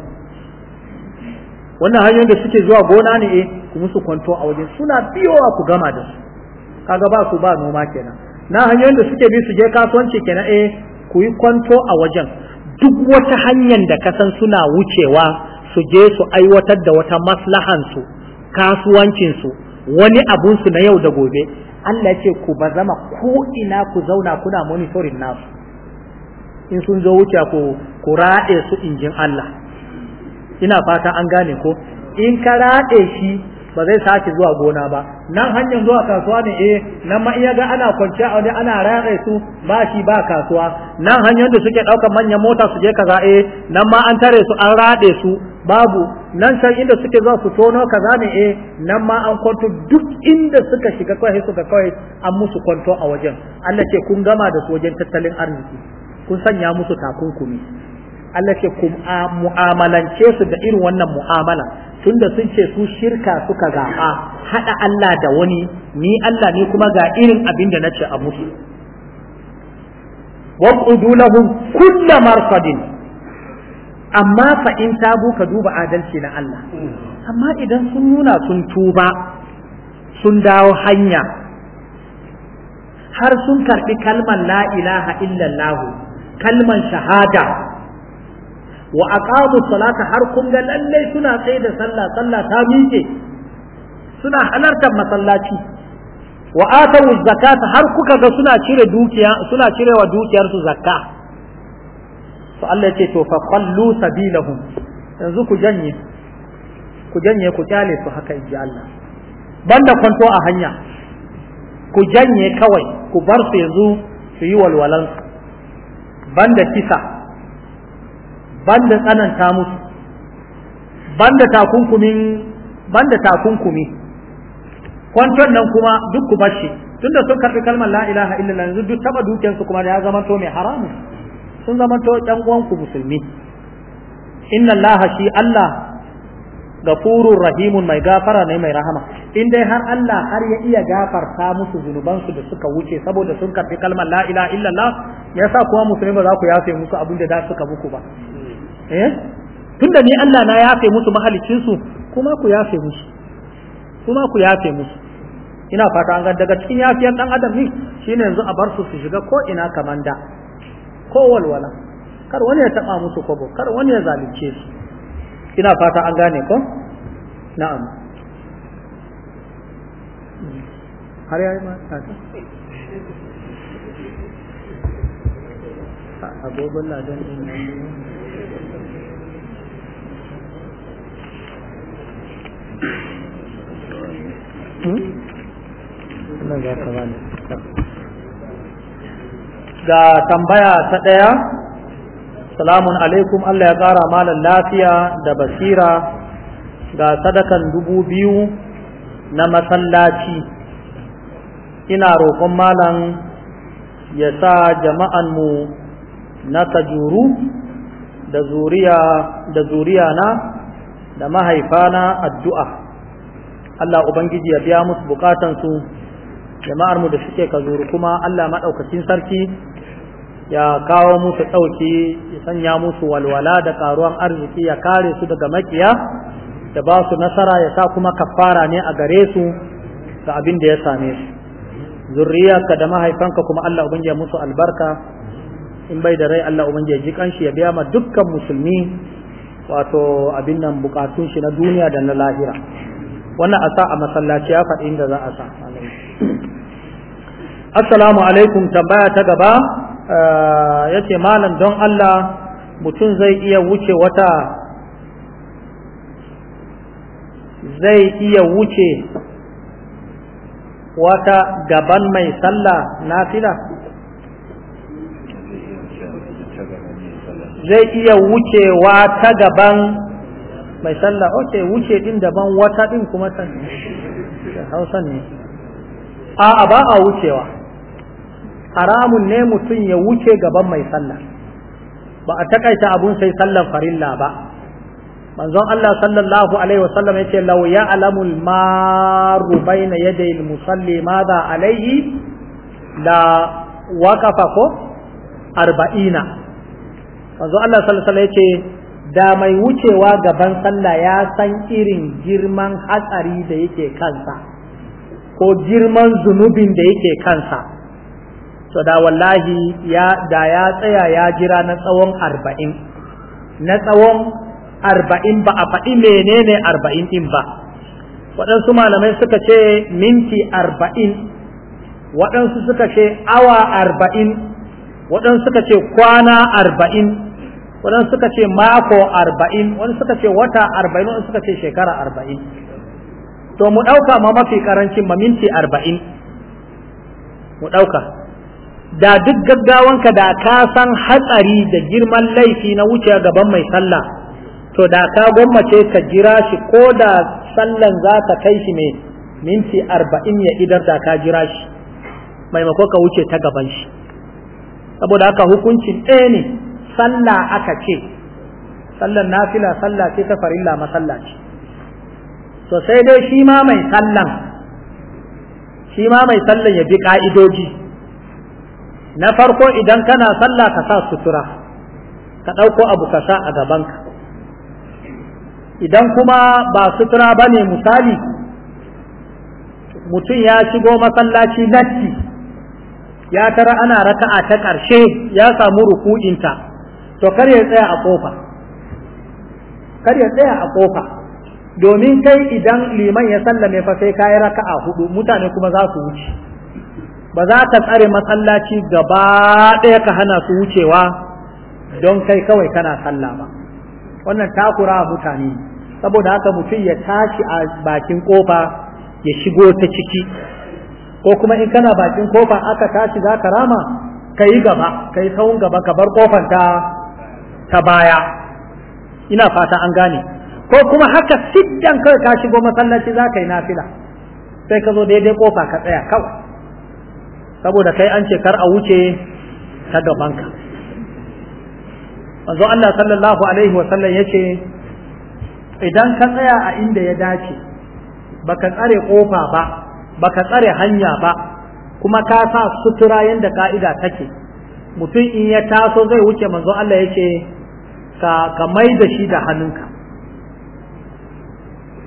wannan hanyoyin da suke zuwa gona ne eh ku musu kwanto a wajen suna biyowa ku gama da su kaga ba su ba noma kenan na hanyoyin da suke bi su je kasuwanci kenan eh ku yi kwanto a wajen duk wata hanyar da ka san suna wucewa su je su aiwatar da wata maslahansu kasuwancinsu wani abun su na yau da gobe Allah ce ku ba zama ko ina ku zauna kuna monitoring nasu in sun zo wuce ku ku raɗe su injin Allah ina fata an gane ko in ka raɗe shi ba zai sake zuwa gona ba nan hanyar zuwa kasuwa ne eh nan ma iya ga ana kwanciya a wani ana raye su ba shi ba kasuwa nan hanyar da suke ɗaukar manyan mota su je kaza eh nan ma an tare su an raɗe su babu nan san inda suke zuwa su tono kaza ne eh nan ma an kwanto duk inda suka shiga kawai suka kawai an musu kwanto a wajen Allah ce kun gama da su wajen tattalin arziki kun sanya musu takunkumi Allah ce ku mu'amalance su da irin wannan mu'amala tunda sun ce su shirka suka zaɓa haɗa Allah da wani ni Allah ne kuma ga irin abin da na ce a musu waqudu lahum kulla marfadin amma fa buka tabu ka duba adalci na Allah amma idan sun nuna sun tuba sun dawo hanya har sun karɓi kalmar la ilaha illallah kalmar shahada wa aqamu salata har kun ga lalle suna sai da sallah sallah ta miƙe suna halartar masallaci wa atawu zakata har kuka ga suna cire dukiya suna cirewa dukiyar su zakka to Allah yake ce to fa qallu sabilahum yanzu ku janye ku janye ku kyale su haka ji Allah banda kwanto a hanya ku janye kawai ku bar su yanzu su yi walwalan banda kisa banda tsananta musu banda takunkumin banda takunkumi kwanton nan kuma duk ku bashi tunda sun karbi kalmar la ilaha illallah yanzu duk taba dukiyar su kuma ya zama to mai haramu sun zama to ɗan uwan ku musulmi inna allaha shi allah gafurur rahimun mai gafara ne mai rahama in dai har Allah har ya iya gafarta musu su da suka wuce saboda sun karbi kalmar la ilaha illallah yasa kuma musulmi ba za ku yafe musu abin da suka muku ba Eh? tunda ni Allah na yafe musu mahalicin su kuma ku yafe musu kuma ku yafe musu ina fata an ga daga cikin yafiyan dan adam ne shine yanzu a bar su su shiga ko ina kamanda ko walwala kar wani ya taba musu kobo kar wani ya zalunce su ina fata an gane ko na'am har yayi ma agogon ladan din ga tambaya ta ɗaya salamun alaikum Allah ya ƙara malam lafiya da basira ga sadakan dubu biyu na masallaci ina roƙon malam ya sa jama'anmu na tajuru da zuriya na da mahaifana addu'a Allah ubangiji ya biya musu bukatansu jama'ar mu da suke ka zuru kuma Allah maɗaukacin sarki ya kawo musu ɗauki ya sanya musu walwala da ƙaruwan arziki ya kare su daga makiya da ba su nasara ya sa kuma kafara ne a gare su ga abin da ya same su zurriyarka da mahaifanka kuma Allah ubangiji ya musu albarka in bai da rai Allah ubangiji ya ji kanshi ya biya ma dukkan musulmi wato abin nan bukatun shi na duniya da na lahira wannan a sa a masallaci ya faɗi inda za a sa assalamu alaikum tambaya ta gaba eh, ya ce malam don allah mutum zai iya wuce wata zai iya wuce wata gaban mai sallah na nafila zai iya wucewa ta gaban mai sallah ok wuce din daban wata din kuma san hausan ne a ba a wucewa haramun ne mutum ya wuce gaban mai sallah ba a takaita abun sai sallan farilla ba manzon Allah sallallahu alaihi wa sallam yace law al maru bayna yaday musalli madha alaihi la waqafa ko arba'ina manzo Allah sallallahu alaihi yace da mai wucewa gaban sallah ya san irin girman hatsari da yake kansa ko girman zunubin da yake kansa to da wallahi ya da ya tsaya ya jira na tsawon arba'in na tsawon arba'in ba a faɗi menene arba'in ɗin ba waɗansu malamai suka ce minti arba'in waɗansu suka ce awa arba'in waɗansu suka ce kwana arba'in waɗansu suka ce mako arba'in wani suka ce wata arba'in wani suka ce shekara arba'in to mu ɗauka ma mafi ƙarancin ma minti arba'in mu ɗauka da duk gaggawanka da ka san hatsari da girman laifi na wuce gaban mai sallah to da ka gwammace ka jira shi ko da sallan za ka kai shi mai minti arba'in ya idar da ka jira shi maimako ka wuce ta gaban shi saboda haka hukuncin ɗaya ne sallah aka ce sallan nafila sallah ce ta farilla masalla ce to sai dai shi ma mai sallan shi ma mai sallan ya bi ƙa'idoji na farko idan kana sallah ka sa sutura ka ɗauko abu ka sa a gabanka idan kuma ba sutura ba ne misali mutum ya shigo masallaci latti ya tara ana raka'a ta ƙarshe ya samu ruku'inta to kar ya tsaya a kofa kar ya tsaya a kofa domin kai idan liman ya sallame fa sai kai raka'a hudu mutane kuma za su wuce ba za ka tsare masallaci gaba ɗaya ka hana su wucewa don kai kawai kana sallah ba wannan takura mutane saboda haka mutum ya tashi a bakin kofa ya shigo ta ciki ko kuma in kana bakin kofa aka tashi za ka rama ka yi gaba ka yi sawun gaba ka bar kofar ta ta baya ina fata an gane ko kuma haka siddan kawai ka shigo masallaci za ka yi nafila sai ka zo daidai kofa ka tsaya kawai saboda kai an ce kar a wuce ta gabanka manzo Allah sallallahu alaihi wa sallam yace idan ka tsaya a inda ya dace baka tsare kofa ba baka tsare hanya ba kuma ka sa sutura yadda ka'ida take mutum in ya taso zai wuce manzo Allah yake ka ka mai da shi da hannunka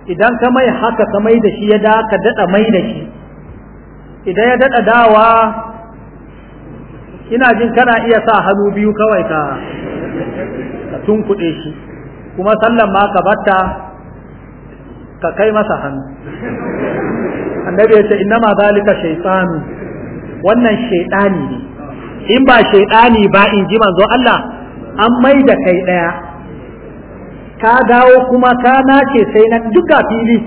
idan ka mai haka ka mai da shi ya da ka dada mai da shi idan ya dada dawa ina jin kana iya sa hannu biyu kawai ka ka tunkuɗe shi kuma sallan ma ka batta ka kai masa hannu annabi ya ce inna ma zalika shaytanu wannan shaytani ne in ba shaytani ba in ji manzo Allah an mai da kai daya ka dawo kuma ka nace sai na duka fili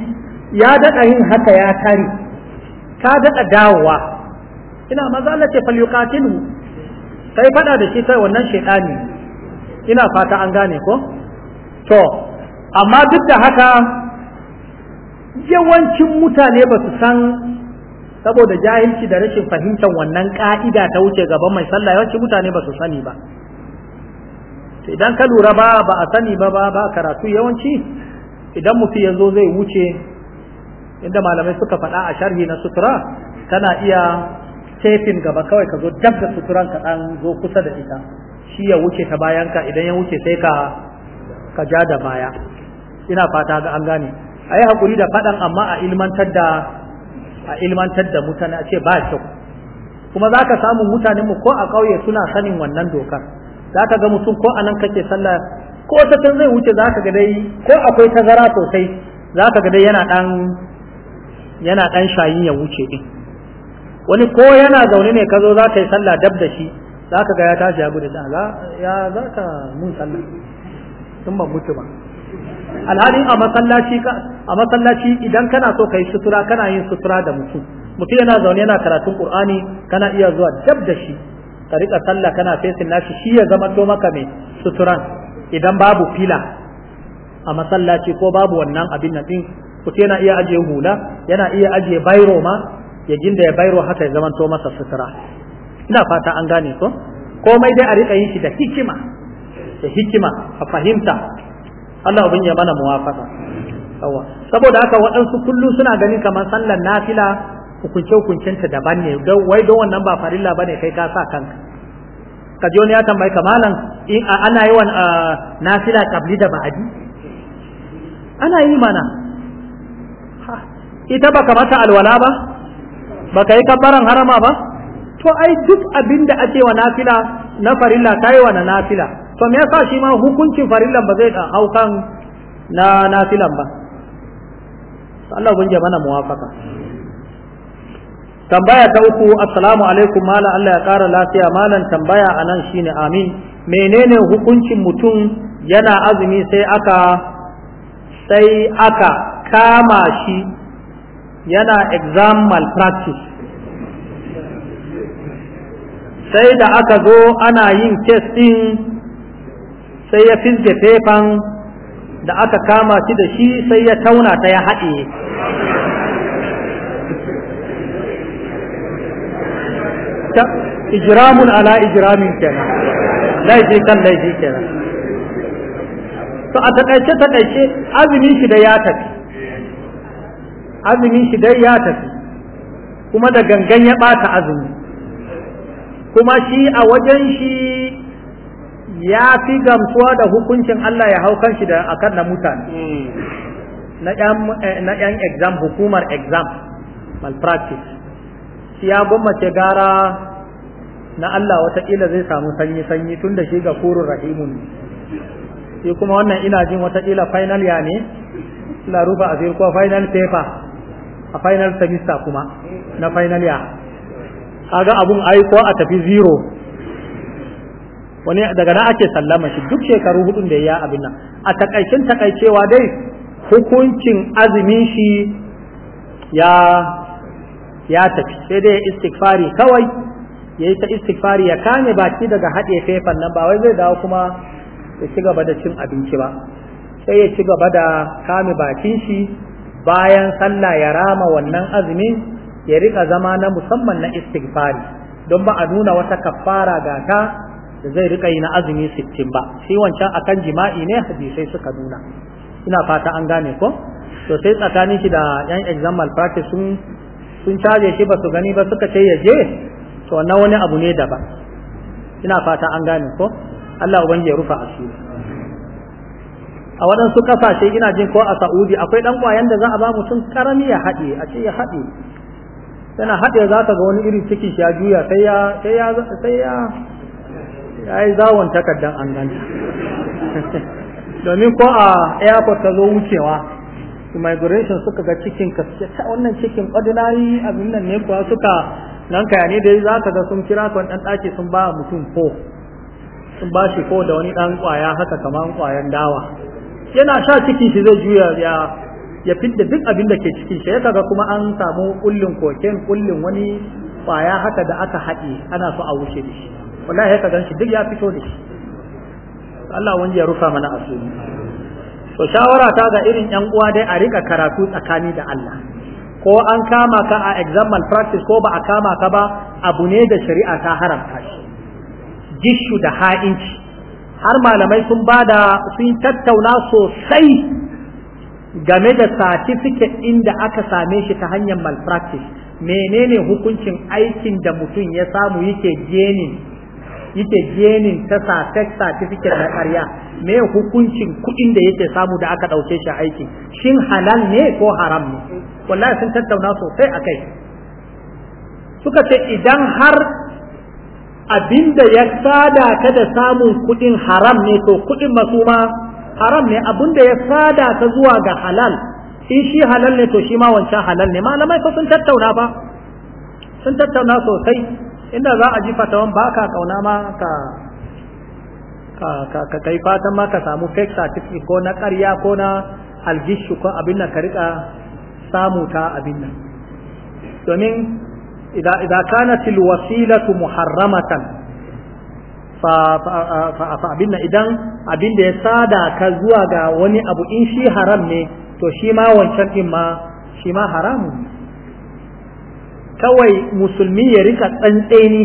ya daɗa yin haka ya kare ka daɗa dawowa ina maza Allah ce falyuqatilu sai fada da shi sai wannan shaytani ina fata an gane ko to amma duk da haka yawancin mutane ba su san saboda jahilci da rashin fahimtar wannan ka'ida ta wuce gaban mai sallah yawancin mutane ba su sani ba idan ka lura ba ba a sani ba ba ba karatu yawanci idan mutum ya zo zai wuce inda malamai suka faɗa a sharhi na sutura kana iya tefin gaba kawai ka zo dab da suturan ka ɗan zo kusa da ita shi ya wuce ta bayan ka idan ya wuce sai ka ka ja da baya ina fata ga an gane a yi haƙuri da faɗan amma a ilmantar da a ilmantar da mutane a ce ba kyau kuma za ka samu mutanenmu ko a ƙauye suna sanin wannan dokar za ka ga mutum ko a nan kake sallah ko ta can zai wuce za ka ga dai ko akwai tazara sosai za ka ga dai yana ɗan yana ɗan shayin ya wuce ɗin wani ko yana zaune ne ka zo za ka yi sallah dab da shi za ka ga ya tashi ya gudu da ya za ka mun sallah tun ban mutu ba alhali a masallaci a masallaci idan kana so kai sutura kana yin sutura da mutum mutum yana zaune yana karatun qur'ani kana iya zuwa dab da shi ka rika sallah kana fesin nashi shi ya zama to maka mai suturan idan babu fila a masallaci ko babu wannan abin nan din mutum yana iya ajiye hula yana iya ajiye bairo ma ya jinda ya bairo haka ya zama zamanto masa sutura ina fata an gane ko komai dai a rika yin shi da hikima da hikima a fahimta Allah ubin ya mana muwafaka yawa saboda haka waɗansu kullum suna ganin kamar sallar nafila hukunce hukuncenta daban ne wai don wannan ba farilla bane kai ka sa kanka ka ji wani ya tambayi kamalan in ana yi wa nafila kabli da ba'adi ana yi mana ita baka mata alwala ba ka yi kabbaran harama ba to ai duk abin da ake wa nafila na farilla kai wa na nafila to me yasa shi ma hukuncin farillan ba zai hau kan na nafilan ba Allah ubangiji mana muwafaka tambaya ta uku assalamu alaikum mala Allah ya kara lafiya malam tambaya anan shine amin menene hukuncin mutum yana azumi sai aka sai aka kama shi yana exam malpractice sai da aka zo ana yin kes ɗin. sai ya filge fefan da aka kama shi da shi sai ya tauna ta ya haɗe Ta, ijiramun ala ijramin kenan laifi kan laifi kenan to a taƙaice taƙaice azumin shi dai ya tafi azumin shi dai ya tafi kuma da gangan ya ɓata azumi kuma shi a wajen shi ya fi gamsuwa da hukuncin Allah ya hau kanshi da akan na mutane hmm. eh, na yan exam hukumar exam malpractice shi ya gwammace gara na Allah watakila zai samu sanyi-sanyi tun da shi ga kurun rahimun shi kuma wannan ina jin wataƙila final ya ne la a ko final paper a final semester kuma na final ya kaga abun ai ko a tafi zero wani daga na ake sallama shi duk shekaru hudun da ya abin nan a takaicin takaicewa dai hukuncin azumin shi ya ya tafi sai dai istighfari kawai ya yi ta istighfari ya kame baki daga haɗe fefan nan ba wai zai dawo kuma ya ci gaba da cin abinci ba sai ya ci gaba da kame bakin shi bayan sallah ya rama wannan azumin ya rika zama na musamman na istighfari don ba a nuna wata kafara ga ta da zai rika yi na azumi sittin ba shi wancan akan jima'i ne hadisai suka nuna ina fata an gane ko to sai tsakanin shi da yan exam malpractice sun sun caje shi ba su gani ba suka ce ya je to na wani abu ne da ba. ina fata an gane ko Allah ubangiji ya rufa asiri a waɗansu kasashe ina jin ko a Saudi akwai dan kwayan da za a ba mutum karami ya haɗe a ce ya haɗe yana haɗe za ka ga wani irin cikin shi ya juya sai ya sai ya sai ya ai zawon takardan an ganta domin ko a airport ta zo wucewa migration suka ga cikin ka wannan cikin ordinary abin nan ne kuwa suka nan kaya ne dai za ka ga sun kira kwan dan ɗaki sun ba mutum ko sun ba shi ko da wani ɗan ƙwaya haka kamar ƙwayan dawa yana sha ciki shi zai juya ya ya fitta duk abin da ke cikin shi ya kaga kuma an samu kullin koken kullin wani kwaya haka da aka haɗe ana so a wuce da shi wallahi ka ganshi duk ya fito da shi Allah wani ya rufa mana asiri to shawara ta ga irin yan uwa dai a rika karatu tsakani da Allah ko an kama ka a exam malpractice ko ba a kama ka ba abu ne da shari'a ta haramta shi gishu da ha'inci har malamai sun bada sun tattauna sosai game da certificate inda aka same shi ta hanyar malpractice menene hukuncin aikin da mutum ya samu yake genin yake genin ta tax certificate na ƙarya me hukuncin kuɗin da yake samu da aka ɗauke shi aiki shin halal ne ko haram ne wallahi sun tattauna sosai akai suka ce idan har abinda ya sada ka da samun kuɗin haram ne to kuɗin masu haram ne abinda ya sada ka zuwa ga halal in shi halal ne to shi ma wancan halal ne malamai ko sun tattauna ba sun tattauna sosai inda za a ji fatawan ba ka kauna ma ka ka kai fatan ma ka samu fake certificate ko na ƙarya ko na algishu ko abin nan ka rika samu ta abin nan domin idza kanat alwasilatu muharramatan fa fa abin nan idan abin da ya sada ka zuwa ga wani abu in shi haram ne to shi ma wancan din ma shi ma haramun kawai musulmi ya rika tsantseni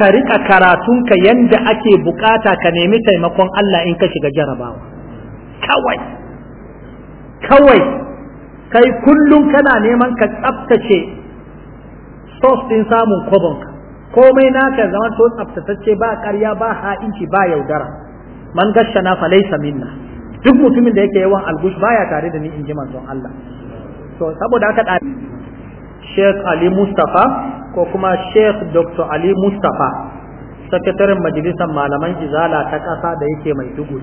ka rika karatunka yadda ake bukata ka nemi taimakon Allah in ka shiga jarabawa kawai kawai kai kullum kana neman ka tsaftace source din samun ka komai naka zama to tsaftace ba karya ba ha'inci ba yaudara man gashana na falaisa minna duk mutumin da yake yawan algush baya tare da ni in ji manzon Allah to saboda haka sheikh ali mustapha ko kuma sheikh dr ali mustapha sakataren majalisar malaman izala ta ƙasa da yake mai dugu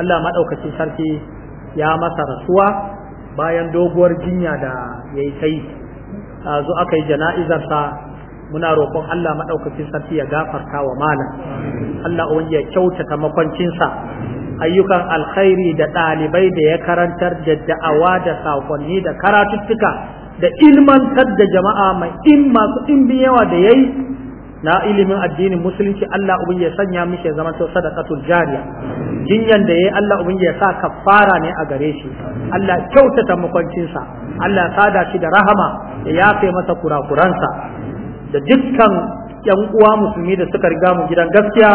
allah maɗaukacin sarki ya masa rasuwa bayan doguwar jinya da ya yi ta yi a zo aka yi jana'izarsa muna roƙon Allah maɗaukacin sarki ya gafarta wa malam Allah ya kyautata makwancinsa ayyukan alkhairi da ɗalibai da ya karantar da da'awa da saƙonni da karatuttuka da ilmantar da jama'a mai in masu ɗimbin yawa da yayi na ilimin addinin musulunci Allah ubin ya sanya mishi ya zama sadaqatul jariya jinyan da yayi Allah ubin ya sa kafara ne a gare shi Allah kyautata sa Allah sada shi da rahama ya yafe masa kurakuransa da dukkan yan uwa musulmi da suka riga mu gidan gaskiya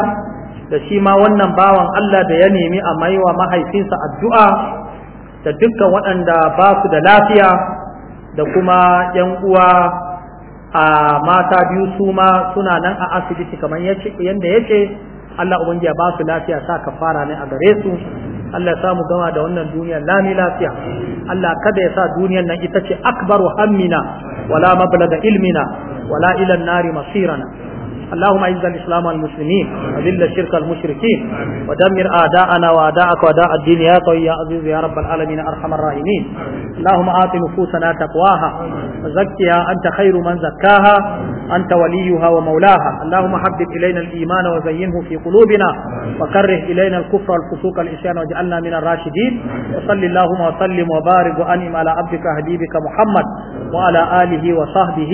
da shi ma wannan bawan Allah da ya nemi a maiwa mahaifinsa addu'a da dukkan waɗanda ba su da lafiya da kuma yan uwa a mata biyu su ma suna nan a asibiti kamar yadda yake Allah ubangiji ba su lafiya sa kafara ne a gare su Allah ya samu gama da wannan duniyar lami lafiya Allah kada ya sa duniyar nan ita ce akbaru hammina wala mablaga ilmina wala ilan nari masirana اللهم اعز الاسلام والمسلمين وذل الشرك المشركين ودمر اعداءنا واعداءك واعداء الدين يا قوي يا عزيز يا رب العالمين ارحم الراحمين اللهم اعط نفوسنا تقواها وزكها انت خير من زكاها انت وليها ومولاها اللهم حبب الينا الايمان وزينه في قلوبنا وكره الينا الكفر والفسوق والعصيان واجعلنا من الراشدين وصل اللهم وسلم وبارك وانم على عبدك حبيبك محمد وعلى اله وصحبه